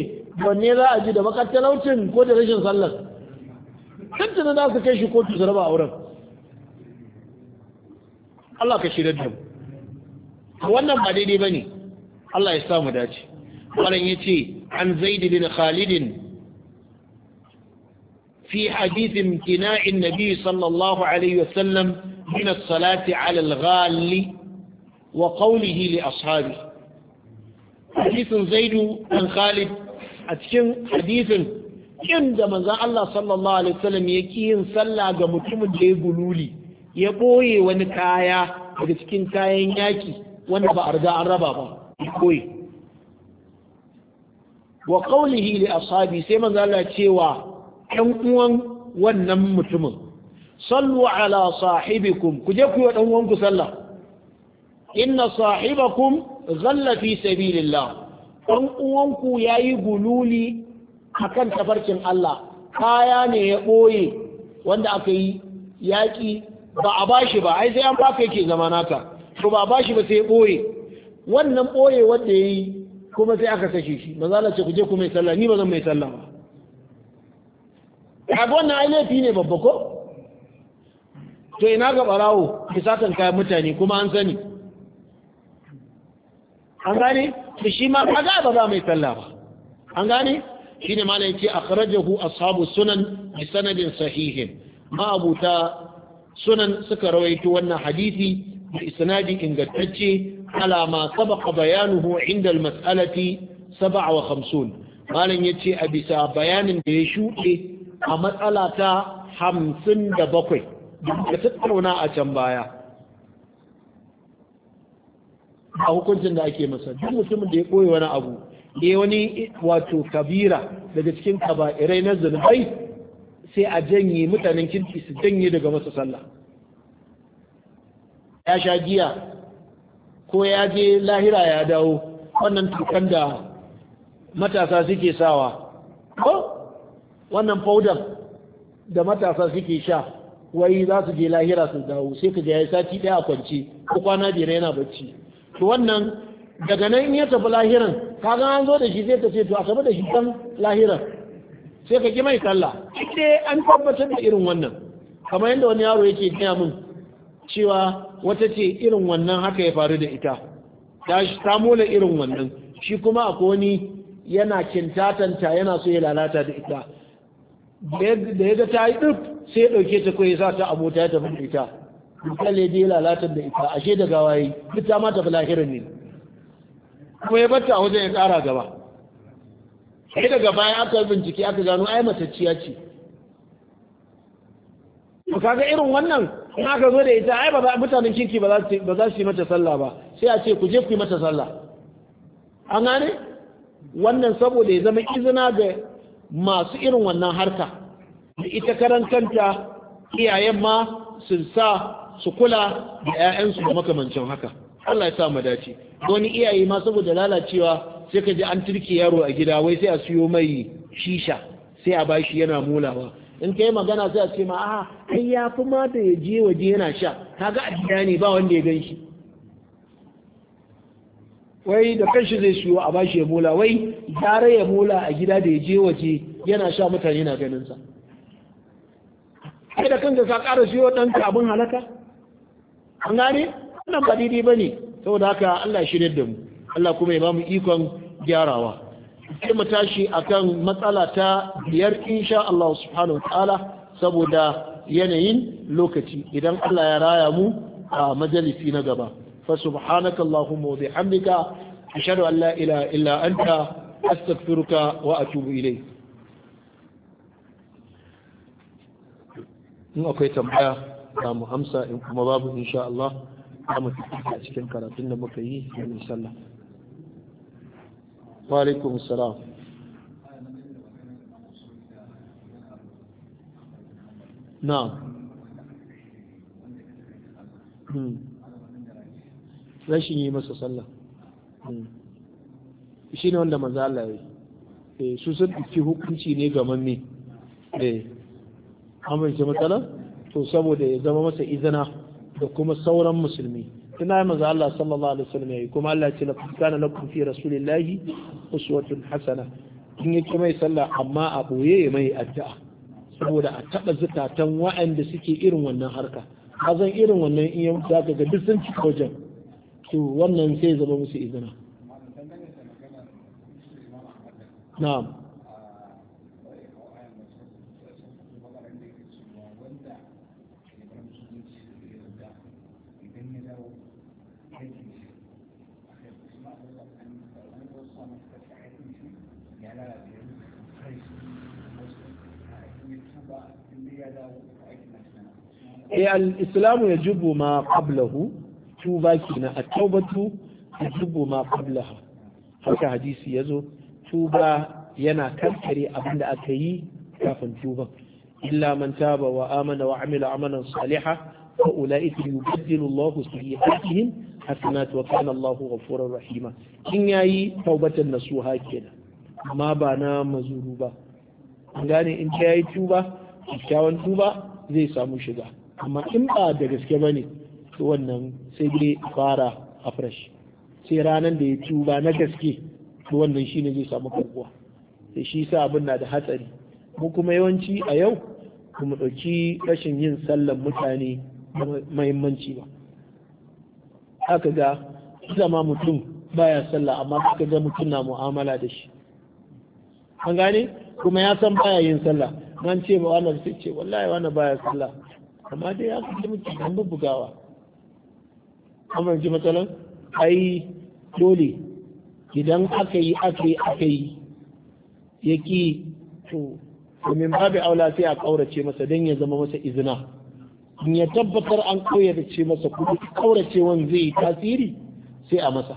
wanne za a ji da bakar ko da rashin sallar tuntuni za su kai shi kotu su raba auren Allah ka shirar da mu wannan ba daidai ba ne Allah ya samu dace wannan ya ce عن زيد بن خالد في حديث امتناع النبي صلى الله عليه وسلم من الصلاة على الغال وقوله لأصحابه حديث زيد بن خالد أتشن حديث inda manzan Allah sallallahu Alaihi wasallam ya ki yin sallah ga mutumin da ya gululi ya ɓoye wani kaya daga cikin kayan yaki wanda ba a riga an raba ba ya ɓoye wa qawlihi a ashabi sai manzo cewa 'yan'uwan wannan mutumin sallu ala sahibikum ku je ku yi ɗan uwanku sallah inna sahibakum zallafi fi sabilillah Ɗan'uwanku ya yayi gululi akan tafarkin Allah kaya ne ya ɓoye wanda aka yi yaƙi ba a bashi ba ai sai an baka yake zama naka to ba a bashi ba sai ya ɓoye wannan ɓoye wanda ya yi kuma sai aka kashe shi Ba za a ce ku je ku mai sallah ni ba zan mai sallah ba kaga wannan ai ne babba ko to ina ga barawo ki sakan kayan mutane kuma an sani an gane da shi ma kaga ba za mai sallah ba an gane shi ne malam yake akhrajahu ashabu sunan bi sanadin sahihin ma abuta sunan suka rawaito wannan hadisi da isnadi ingantacce على ما سبق بيانه عند المسألة 57 مالن يتي أبسا بيان بيشوئي أمسألة 57 يتطرنا أتنبايا a hukuncin da ake masa duk mutumin da ya koyi wani abu ya wani wato kabira daga cikin kaba'irai na zunubai sai a janye mutanen kirki su janye daga masa sallah ya sha giya ko ya je lahira ya dawo wannan tukan da matasa suke sawa ko wannan faudar da matasa suke sha wai za su je lahira su dawo sai ka je ya sati ɗaya a kwance ko kwana biyar yana bacci to wannan daga nan in ya tafi lahiran ka ga an zo da shi sai ka ce to a tafi da shi kan lahiran sai ka ki mai sallah sai an tabbatar da irin wannan kamar yadda wani yaro yake gaya min cewa wata ce irin wannan haka ya faru da ita ta samu irin wannan shi kuma a koni yana kintatanta yana so ya lalata da ita da ya ga ta yi duk sai ya ɗauke ta kawai sa ta abota ya tafi da ita misali ya lalata da ita ashe da gawayi duk ta mata tafi ne kuma ya batta a wajen ya ƙara gaba sai daga baya aka bincike aka gano ai matacciya ce ka ga irin wannan in aka zo da ita ai ba mutanen kirki ba za su yi mata sallah ba sai a ce ku je ku yi mata sallah an gane wannan saboda ya zama izina ga masu irin wannan harka ita karantanta iyayen ma su sa su kula da 'ya'yansu da makamancin haka Allah ya sa mu dace wani iyaye ma saboda lalacewa sai ka ji an turke yaro a gida wai sai a siyo mai shisha sai a bashi yana mulawa in kai magana sai a ce ma a kai ya fi ma da ya je waje yana sha kaga a ne ba wanda ya gan shi wai da kanshi zai siyo a bashi ya mula wai gara ya mula a gida da ya je waje yana sha mutane na ganin sa ai da kanka ka ƙara siyo ɗan abin halaka an gane wannan ba daidai bane saboda haka Allah shirye da mu Allah kuma ya ba mu ikon gyarawa sai mu tashi akan matsala ta biyar insha Allah subhanahu wa ta'ala saboda yanayin lokaci idan Allah ya raya mu a majalisi na gaba fa subhanaka allahumma wa bihamdika ashhadu an la ilaha illa anta astaghfiruka wa atubu ilayk in akwai tambaya za mu amsa in kuma babu insha Allah za mu tafi a cikin karatun da muka yi da sallah wa alaikum salam na'am rashin yi masa sallah shi ne wanda maza Allah ya yi su sun ɗauki hukunci ne ga manne da amince matsala to saboda ya zama masa izina da kuma sauran musulmi tuna maza Allah sallallahu alaihi wasallam yayi kuma Allah ce laqad kana lakum fi rasulillahi uswatun hasana in yi mai sallah amma a boye mai addu'a saboda a taba zukatan waanda suke irin wannan harka zan irin wannan in ya ga duk sun ci wajen to wannan sai zama musu izina na'am e al ya yajibu ma qablahu tuba kina a taubatu yajibu ma qablaha haka hadisi yazo tuba yana karkare abinda aka yi kafin tuban illa man taba wa amana wa amila amalan salihan fa ulaika yubaddilu Allahu sayyi'atihim hasanat wa kana Allahu ghafurur rahima in yayi taubatan nasuha kenan amma ba na mazuru ba an gane in ta yayi tuba kyakkyawan tuba zai samu shiga amma in ba da gaske ba ne to wannan sai dai fara afresh sai ranar da ya tuba na gaske to wannan shi ne zai samu karbuwa sai shi sa abin na da hatsari mu kuma yawanci a yau mu ɗauki rashin yin sallan mutane da mahimmanci ba Haka ga zama mutum baya sallah amma aka ga mutum na mu'amala da shi an gane kuma ya san baya yin sallah nan ce ba wannan sai ce wallahi wannan baya sallah amma dai ya kaji muke dan bugawa amma ji matsalan ai dole idan aka yi aka yi aka yi Yake ki to domin babu aula sai a kaurace masa don ya zama masa izina in ya tabbatar an kaurace masa kuma kaurace wan zai tasiri sai a masa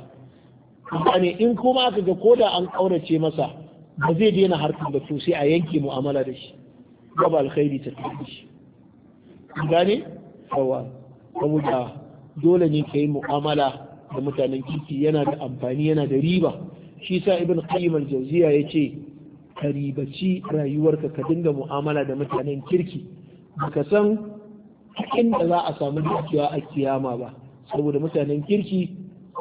ne in kuma aka ga koda an kaurace masa ba zai daina harkar da to sai a yanke mu'amala da shi gaba alkhairi ta tafi gane yawa saboda dole ne ka yi mu'amala da mutanen kirki yana da amfani yana da riba shi sa ibn qayyim al-jawziya yace ka ribaci rayuwarka ka dinga mu'amala da mutanen kirki baka san inda za a samu dukiya a kiyama ba saboda mutanen kirki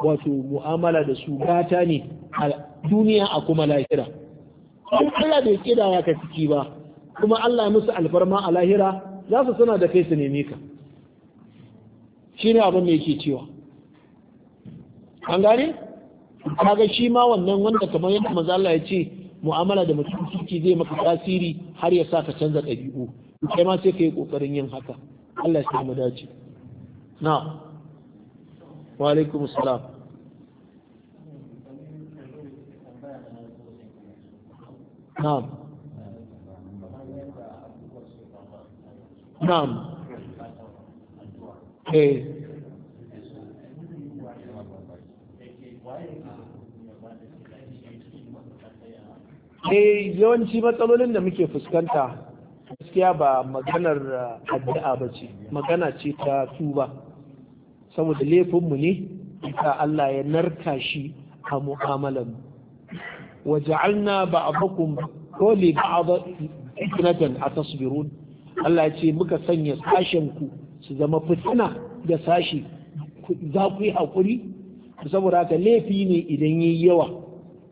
wato mu'amala da su gata ne a duniya a kuma lahira in Allah bai kidawa ka ciki ba kuma Allah musu alfarma a lahira za su suna da kai su nemi ka shi ne abin da yake cewa an gane kaga shi ma wannan wanda kamar yadda maza Allah ya ce mu'amala da mutum ciki zai maka tasiri har ya sa ka canza ɗabi'u kai ma sai ka yi ƙoƙarin yin haka Allah ya samu dace na wa alaikum salam na'am na'am eh yawanci matsalolin da muke fuskanta gaskiya ba maganar uh, addu'a ba ce magana ce ta tuba saboda laifinmu ne ita Allah ya narka shi a mu'amalan waja'alna ba'dakum ko li ikinatan a tasbirun Allah ce muka sanya sashen ku su zama fitina da sashi za ku yi haƙuri saboda haka laifi ne idan yi yawa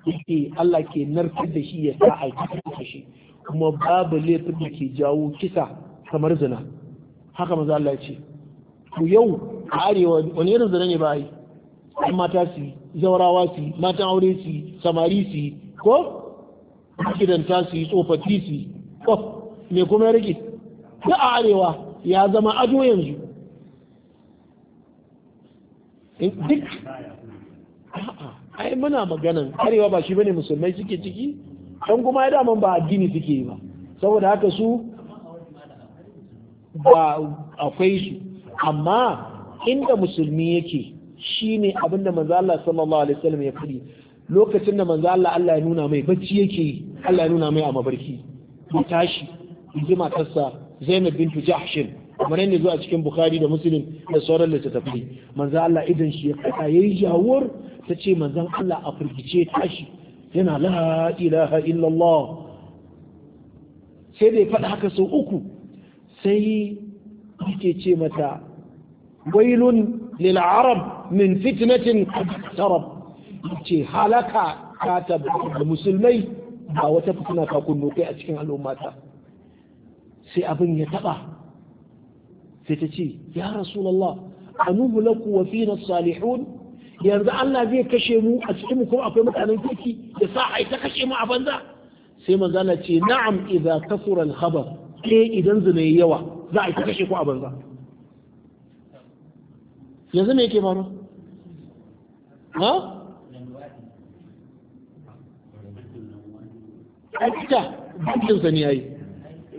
yake Allah ke narkar da shi ya sa a shi kuma babu laifin da ke jawo kisa kamar zina haka maza Allah ce ku yau a arewa wani irin zina ne ba yi an mata su zaurawa su matan aure su samari su ko akidanta su tsofaffi su ko me kuma ya rage duk a arewa ya zama ado yanzu eh, duk ai muna maganan arewa ba shi bane musulmai suke ciki don kuma ya daman ba addini suke yi ba saboda haka su ba akwai su amma inda musulmi yake shine abinda manzo Allah sallallahu alaihi wasallam ya fadi lokacin da manzo Allah Allah ya nuna mai bacci yake Allah ya nuna mai a mabarki ya tashi ya ji matarsa Zainab bintu Jahshin kamar yadda zuwa cikin Bukhari da Muslim da sauran littattafai manzo Allah idan shi ya kada yayi jawur ta ce manzon Allah a firgice tashi yana la ilaha illallah sai da ya faɗa haka sau uku sai yake ce mata wailun lil arab min fitnatin tarab ce halaka ka tabbata musulmai ba wata fitina ta kunno kai a cikin al'ummata sai abin ya taɓa sai ta ce ya rasulallah anubu laku wa fina salihun yanzu Allah zai kashe mu a cikin mu kuma akwai mutanen kirki ya sa ai ta kashe mu a banza sai manzo Allah ce na'am idza kasura al-khabar eh idan zina yayi yawa za a ta kashe ku a banza yanzu me yake faruwa ha a ita bakin sa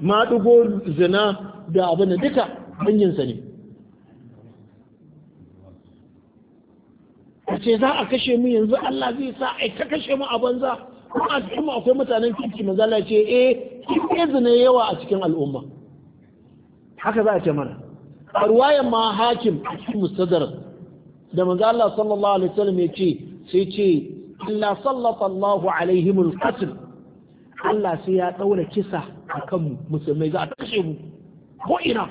maɗugo zina da abin da duka hanyarsa ne a ce za a kashe mu yanzu Allah zai sa a ta kashe mu a banza kuma a cikin akwai mutanen kirki mazala ce eh kin zina yawa a cikin al'umma haka za a ce mana a ma hakim a cikin da manzo Allah sallallahu alaihi wasallam ya ce sai ce Allah sallallahu alaihimul wasallam Allah sai ya daura kisa a kan musulmai za a ta kashe mu ko ina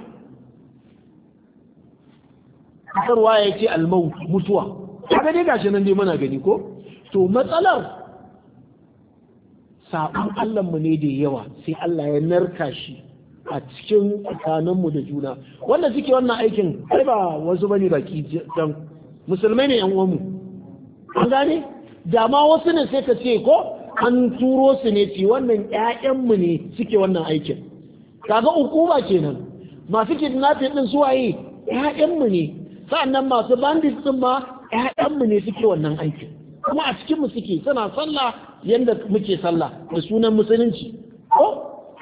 kasarwa ya ce almau mutuwa kaga dai gashi nan dai mana gani ko to matsalar saɓon allanmu ne da yawa sai Allah ya narka shi a cikin tsakaninmu da juna wanda suke wannan aikin kai ba wasu bane baki don musulmai ne yan uwanmu an gane da ma wasu ne sai ka ce ko an turo su ne ci wannan ƴaƴanmu ne suke wannan aikin kaga hukuma kenan masu kidnapping din suwaye ƴaƴanmu ne sa'annan masu bandit din ma ƴaƴanmu ne suke wannan aikin kuma a cikin mu suke suna sallah yanda muke sallah da sunan musulunci ko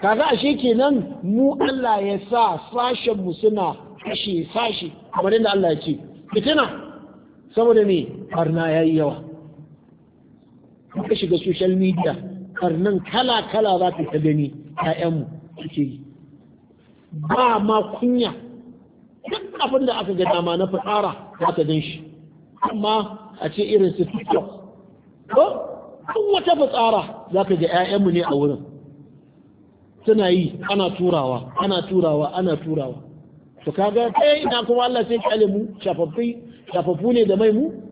kaga ashe kenan mu Allah ya sa sashen mu suna kashe sashi kamar yadda Allah ya ce fitina saboda me barna yayi yawa in ka shiga social media karnan kala-kala za ka gani ƴaƴanmu suke yi ba ma kunya duk abin da aka ga dama na fitsara za ka gan shi amma a ce irin su tiktok ko duk wata fitsara za ka ga ƴaƴanmu ne a wurin suna yi ana turawa ana turawa ana turawa to kaga kai eh, ina kuma Allah sai ya kalle mu shafaffu ne da mai mu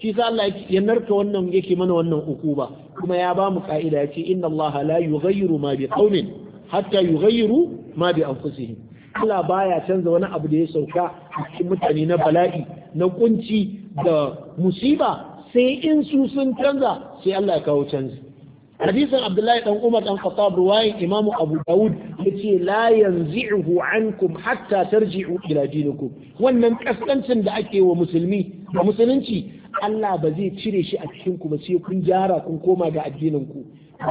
shi sa Allah ya narka wannan yake mana wannan ba. kuma ya ba mu ka'ida ya ce inna Allah la yughayyiru ma bi qaumin hatta yughayyiru ma bi anfusihim Allah baya canza wani abu da ya sauka cikin mutane na bala'i na kunci da musiba sai in su sun canza sai Allah ya kawo canza. hadisin Abdullahi dan Umar dan Khattab ruwayin Imam Abu Dawud yace la yanzi'uhu ankum hatta tarji'u ila dinikum wannan kaskancin da ake wa musulmi da musulunci Allah ba zai cire shi a cikin ku ba sai kun gyara kun koma ga addinin ku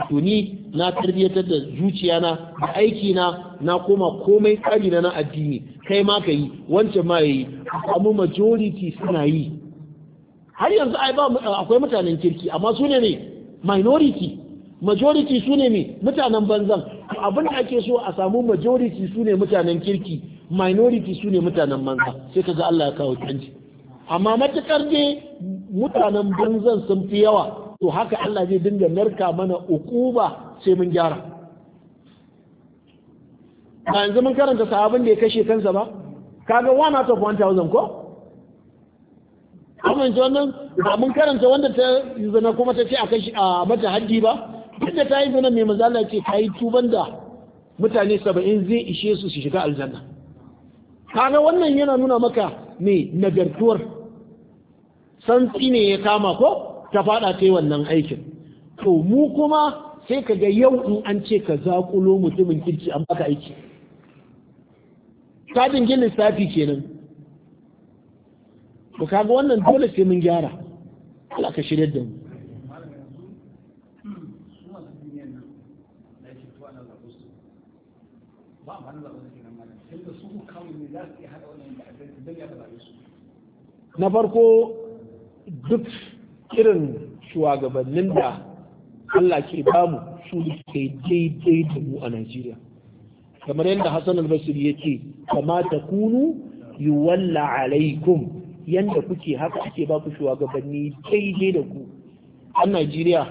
to ni na tarbiyatar da zuciyana da aiki na na koma komai tsari na addini kai ma ka yi wancan ma yayi amma majority suna yi har yanzu ai ba akwai mutanen kirki amma su ne ne minority majority su ne ne mutanen banzan abin da ake so a samu majority su ne mutanen kirki minority su ne mutanen banza sai kaga Allah ya kawo canji amma matukar ne mutanen banzan sun fi yawa to haka Allah zai dinga narka mana ukuba sai mun gyara ba yanzu mun karanta sahabin da ya kashe kansa ba kaga one out of 1000 ko amma yanzu wannan ba mun karanta wanda ta zana kuma ta ce a kashi a mata haddi ba duk da ta yi zana mai mazala ce ta yi tuban da mutane 70 zai ishe su su shiga aljanna kaga wannan yana nuna maka Me nagartuwar santsi ne ya kama ko ta fada kai wannan aikin to mu kuma sai ka ga yau in an ce ka zaƙulo mutumin kirki an baka aiki ka dingin lissafi kenan to kaga wannan dole sai mun gyara Allah ka shirya da mu na farko duk irin shugabannin da Allah ke bamu su ke daidai da mu a Najeriya kamar yadda Hassan al-Basri ce kama ta kunu walla alaikum yadda kuke haka ake ba ku shugabanni daidai da ku a Najeriya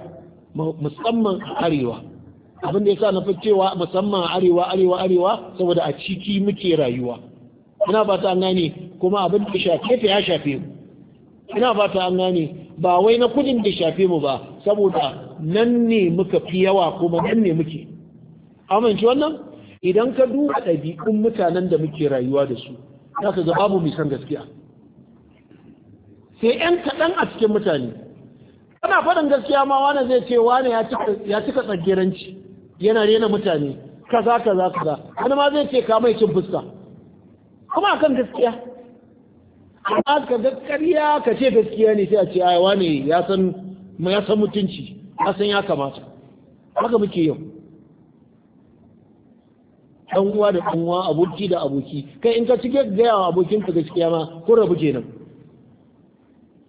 musamman a arewa abin da ya sa na fi cewa musamman a arewa arewa arewa saboda a ciki muke rayuwa ina ba ta an gane kuma abin da shafe ta ya shafe mu ina ba ta an gane ba wai na kudin da shafe mu ba saboda nan ne muka fi yawa kuma nan ne muke amince wannan idan ka duba ɗabi'un mutanen da muke rayuwa da su za ka ga babu mai san gaskiya sai 'yan kaɗan a cikin mutane ana faɗin gaskiya ma wani zai ce wani ya cika tsagiranci yana rena mutane kaza kaza kaza wani ma zai ce ka mai cin fuska kuma akan gaskiya amma ka ga ƙarya ka ce gaskiya ne sai a ce ayawa ne ya san ya san mutunci ya san ya kamata haka muke yau dan uwa da dan uwa aboki da aboki kai in ka cike gaya wa abokin ka gaskiya ma ko rabu kenan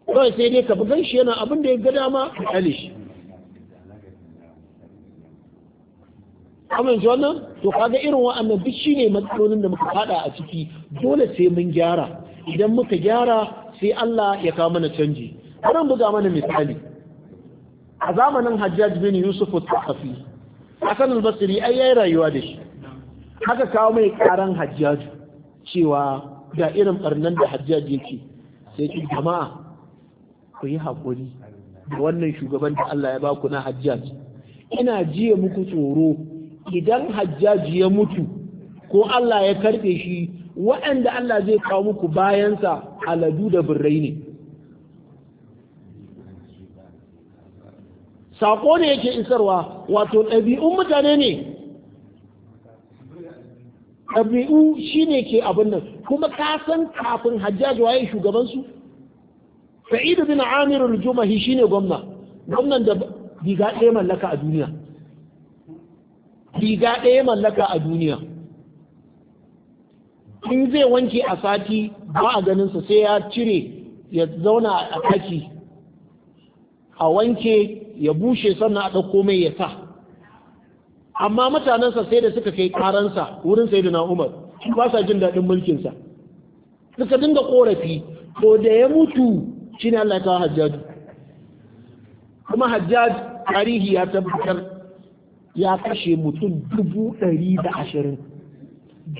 kawai sai dai ka bugan shi yana abin da ya ga dama ka shi amince wannan to kaga irin wa'annan duk shine matsalolin da muka fada a ciki dole sai mun gyara idan muka gyara sai Allah ya kawo mana canji bari buga mana misali a zamanin Hajjaj bin Yusuf al-Thaqafi Hassan al-Basri ai yayi rayuwa da shi haka kawo mai karan Hajjaj cewa ga irin barnan da Hajjaj yake sai ki jama'a ku yi hakuri da wannan shugaban da Allah ya baku na Hajjaj ina jiya muku tsoro idan hajjaji ya mutu ko Allah ya karɓe shi waɗanda Allah zai kawo muku bayansa aladu da birrai ne saƙo ne yake isarwa wato ɗabi'un mutane ne ɗabi'u shi ne ke abin nan kuma ka san kafin hajjaji waye shugabansu sa'idu bin amirul jumahi ne gwamna gwamnan da biga ɗaya mallaka a duniya riga ɗaya mallaka a duniya in zai wanke a sati ba a ganinsa sai ya cire ya zauna a kaki a wanke ya bushe sannan a ɗauko mai ya sa amma mutanensa sai da suka kai karansa wurin sai na umar ba sa jin daɗin mulkinsa suka dinga korafi to da ya mutu shi ne allah kawo hajjaju kuma hajjaj tarihi ya tabbatar ya kashe mutum dubu ɗari da ashirin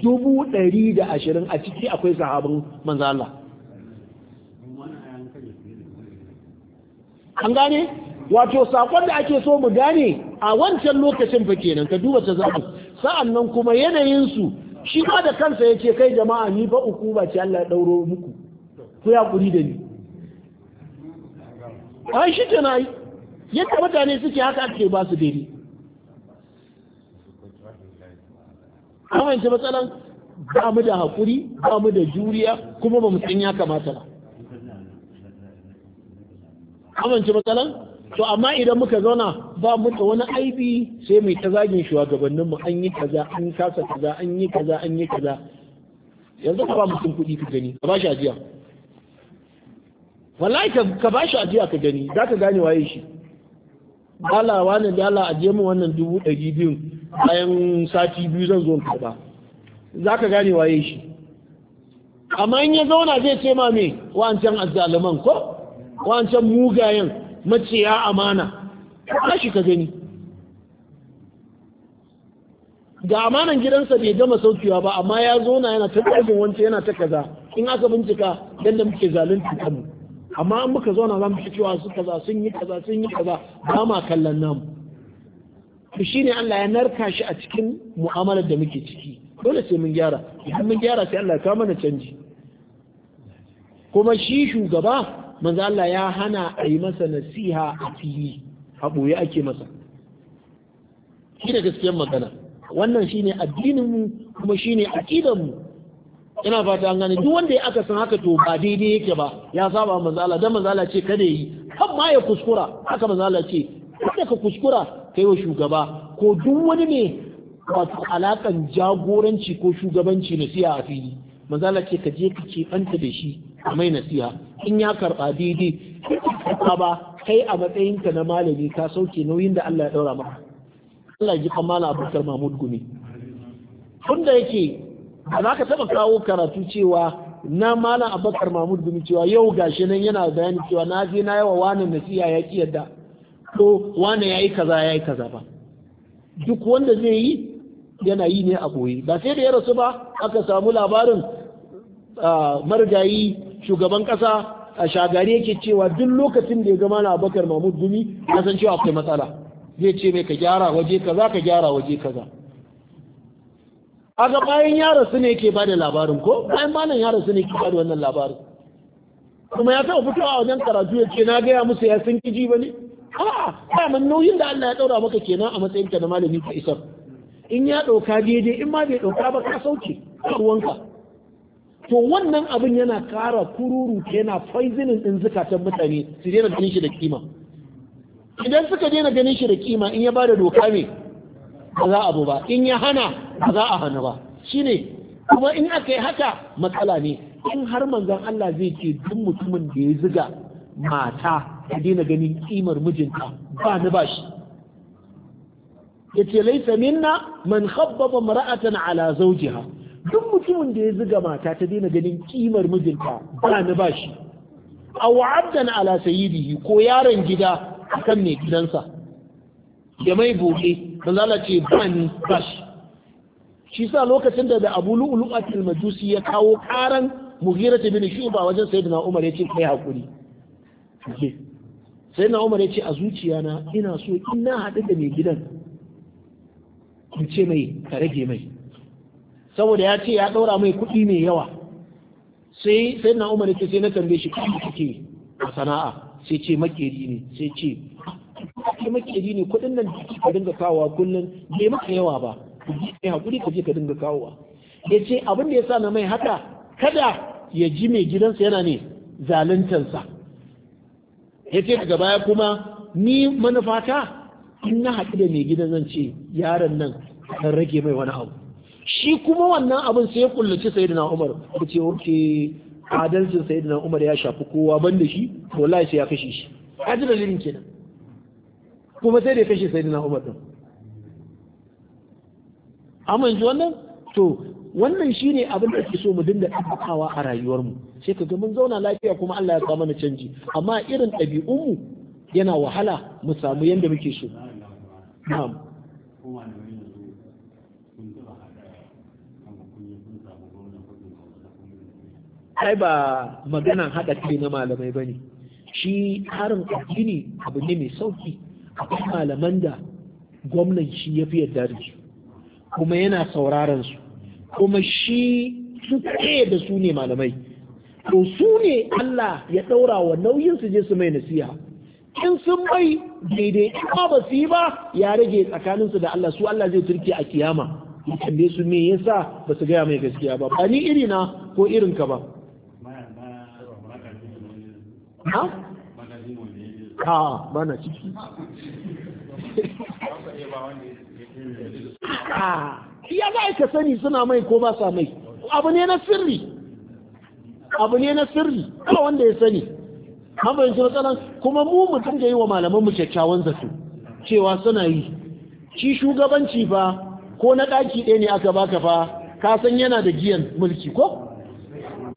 dubu ɗari da ashirin a ciki akwai sahabin manzala. an gane wato sakon da ake so mu gane a wancan lokacin fa kenan ka duba ta zaɓi sa'an nan kuma yanayinsu shi ma da kansa yake kai jama'a ni ba uku ba ce Allah ya ɗauro muku ku ya kuri da ni an shi tana yadda mutane suke haka ake ba su daidai amince matsalan ba mu da haƙuri ba mu da juriya kuma ba mu san ya kamata ba amince matsalan to amma idan muka zauna ba mu da wani aibi sai mu ta zagin shugabannin mu an yi kaza an kasa kaza an yi kaza an yi kaza yanzu ka ba mutum kuɗi ka gani ka ba shi ajiya wallahi ka ba shi ajiya ka gani za ka gane waye shi dala wani dala a je mu wannan dubu ɗari biyu bayan sati biyu zan zo karɓa za ka gane waye shi amma in ya zauna zai ce ma me wancan azzaluman ko wancan mugayen maciya amana ka shi ka gani ga amanan gidansa bai gama saukewa ba amma ya zauna yana ta ƙarfin wancan yana ta kaza in aka bincika yadda muke zalunci kanmu amma an muka zauna za mu ci cewa su kaza sun yi kaza sun yi kaza ba ma kallon namu to shine Allah ya narka shi a cikin mu'amalar da muke ciki dole sai mun gyara idan mun gyara sai Allah ya kawo mana canji kuma shi shugaba manzo Allah ya hana a yi masa nasiha a fili a boye ake masa shi da gaskiyar magana wannan shine addinin mu kuma shine aƙidar mu ina fata an gane duk wanda ya aka san haka to ba daidai yake ba ya saba manzala dan manzala ce kada yi har ma ya kuskura haka manzala ce kada ka kuskura kai wa shugaba ko duk wani ne wato alakan jagoranci ko shugabanci nasiha a fili manzala ce ka je ka ce banta da shi a mai nasiha in ya karba daidai ka ba kai a matsayinka na malami ka sauke nauyin da Allah ya daura maka Allah ya ji kamala Abubakar Mahmud Gumi tunda yake ba za ka taɓa kawo karatu cewa na malam abakar mahmud gumi cewa yau gashi nan yana bayani cewa na je na yawa wani nasiya ya ki yadda ko wani ya yi kaza ya yi kaza ba duk wanda zai yi yana yi ne a boye ba sai da ya rasu ba aka samu labarin marigayi shugaban ƙasa a shagari yake cewa duk lokacin da ya ga malam abakar mahmud gumi ya cewa akwai matsala zai ce mai ka gyara waje kaza ka gyara waje kaza aga bayan ya su ne yake bada labarin ko bayan malam ya rasu ne yake bada wannan labarin kuma ya taɓa fitowa a wajen karatu ya ce na gaya musu ya sun kiji ba ne a'a daman nauyin da Allah ya ɗaura maka kenan a matsayin ka na malami ka isar in ya ɗauka daidai in ma bai ɗauka ba ka sauke ruwanka to wannan abin yana kara kururu yana poisoning ɗin zukatan mutane su daina ganin shi da kima idan suka daina ganin shi da kima in ya bada doka ne ba za a bu ba in ya hana ba za a hana ba shine kuma in aka yi haka matsala ne in har manzon Allah zai ce duk mutumin da ya ziga mata ya daina ganin kimar mijinta ba ni ba shi yace laisa minna man khabbaba mar'atan ala zawjiha duk mutumin da ya ziga mata ta daina ganin kimar mijinta ba ni ba shi aw abdan ala sayyidihi ko yaron gida akan ne gidansa ya mai buɗe da lalace bani ba shi sa lokacin da da Abu lu'ulu al-Majusi ya kawo karan Mughira bin Shu'ba wajen da Umar ya ce kai hakuri na Umar ya ce a zuciyana ina so in na haɗu da mai gidan in ce mai ka rage mai saboda ya ce ya ɗaura mai kuɗi mai yawa sai sai na umar ce sai na tambaye shi kuma kake a sana'a sai ce makeri ne sai ce kai makeri ne kuɗin nan da ka dinga kawowa kullum bai maka yawa ba kai hakuri ka je ka dinga kawowa ya ce abin da ya sa na mai haka kada ya ji mai gidansa yana ne zaluntansa ya ce daga baya kuma ni manufata in na haƙi da mai gidan zan ce yaron nan kan rage mai wani abu shi kuma wannan abin sai ya kullaci sayyidina Umar ya ce oke adalcin sayyidina Umar ya shafi kowa ban da shi wallahi sai ya kashe shi ajin lirin kenan kuma sai da ya kashe saidina Umar din amma yanzu wannan to wannan shine abin da ake so mu dinga tabbatawa a rayuwarmu sai ka ga mun zauna lafiya kuma Allah ya kawo mana canji amma irin mu yana wahala mu samu yanda muke so na'am ai ba maganan haɗa kai na malamai ba ne shi harin addini abu ne mai sauki akwai malaman da gwamnan shi ya fi yarda da su kuma yana sauraron su kuma shi su tsaye da su ne malamai to su ne Allah ya ɗaura wa nauyin su je su mai nasiha in sun bai daidai in ma ba su yi ba ya rage tsakanin su da Allah su Allah zai turke a kiyama ya tambaye su me yasa ba su gaya mai gaskiya ba ba ni irina ko irinka ba ka bana ciki ya za ka sani suna mai ko ba sa mai abu ne na sirri abu ne na sirri kawai wanda ya sani an matsalan kuma mu mutum da yi wa malaman mu kyakkyawan zato cewa suna yi shi shugabanci ba, ko na ɗaki ɗaya ne aka baka fa ka san yana da giyan mulki ko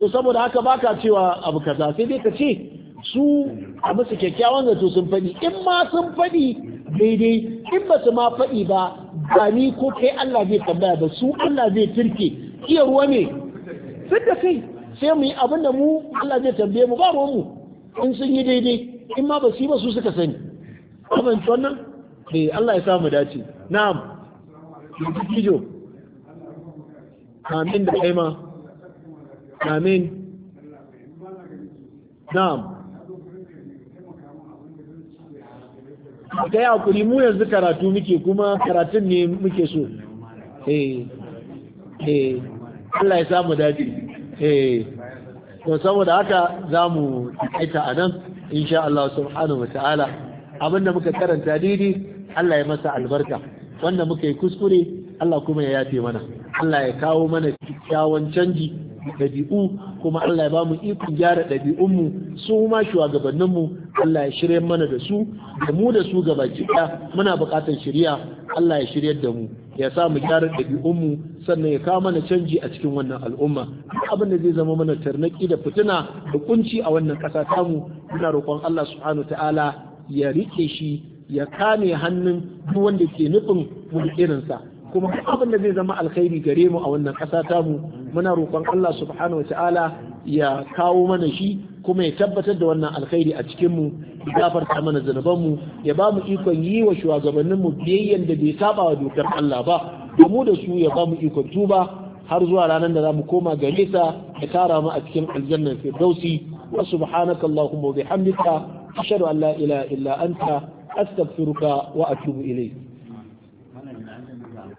to saboda haka baka cewa abu kaza sai dai ka ce su a musu kyakkyawan zato sun faɗi in ma sun faɗi daidai in ba su ma faɗi ba ba ni ko kai Allah zai tambaya ba su Allah zai turke iya ruwa ne fit da kai sai mu yi abin da mu Allah zai tambaye mu ba mu in sun yi daidai in ma ba su yi ba su suka sani abin wannan eh Allah ya samu dace na'am kijo amin da kaima amin na'am kai hakuri mu yanzu karatu muke kuma karatun ne muke so eh eh Allah ya samu dace eh to saboda haka zamu aita anan insha Allah subhanahu wataala abinda muka karanta daidai Allah ya masa albarka wanda muka yi kuskure Allah kuma ya yafe mana Allah ya kawo mana kyakkyawan canji ɗabi'u kuma Allah ya bamu ikon gyara ɗabi'unmu su ma shugabanninmu Allah ya shirya mana da su da mu da su gaba ɗaya muna buƙatar shirya Allah ya shiryar da mu ya sa mu gyara ɗabi'unmu sannan ya kawo mana canji a cikin wannan al'umma abin da zai zama mana tarnaki da fitina da kunci a wannan ƙasa tamu muna roƙon Allah subhanahu ta'ala ya rike shi ya kame hannun duk wanda ke nufin irinsa. kuma abin da zai zama alkhairi gare mu a wannan ƙasa mu, muna roƙon Allah subhanahu ta'ala ya kawo mana shi kuma ya tabbatar da wannan alkhairi a cikin mu ya gafarta mana zanuban mu ya ba mu ikon yi wa shugabannin mu biyayyen da bai saba wa dokar Allah ba da mu da su ya ba mu ikon tuba har zuwa ranar da za mu koma gare sa ya tara mu a cikin aljannar firdausi wa subhanaka allahumma wa bihamdika ashhadu an la ilaha illa anta astaghfiruka wa atubu ilayk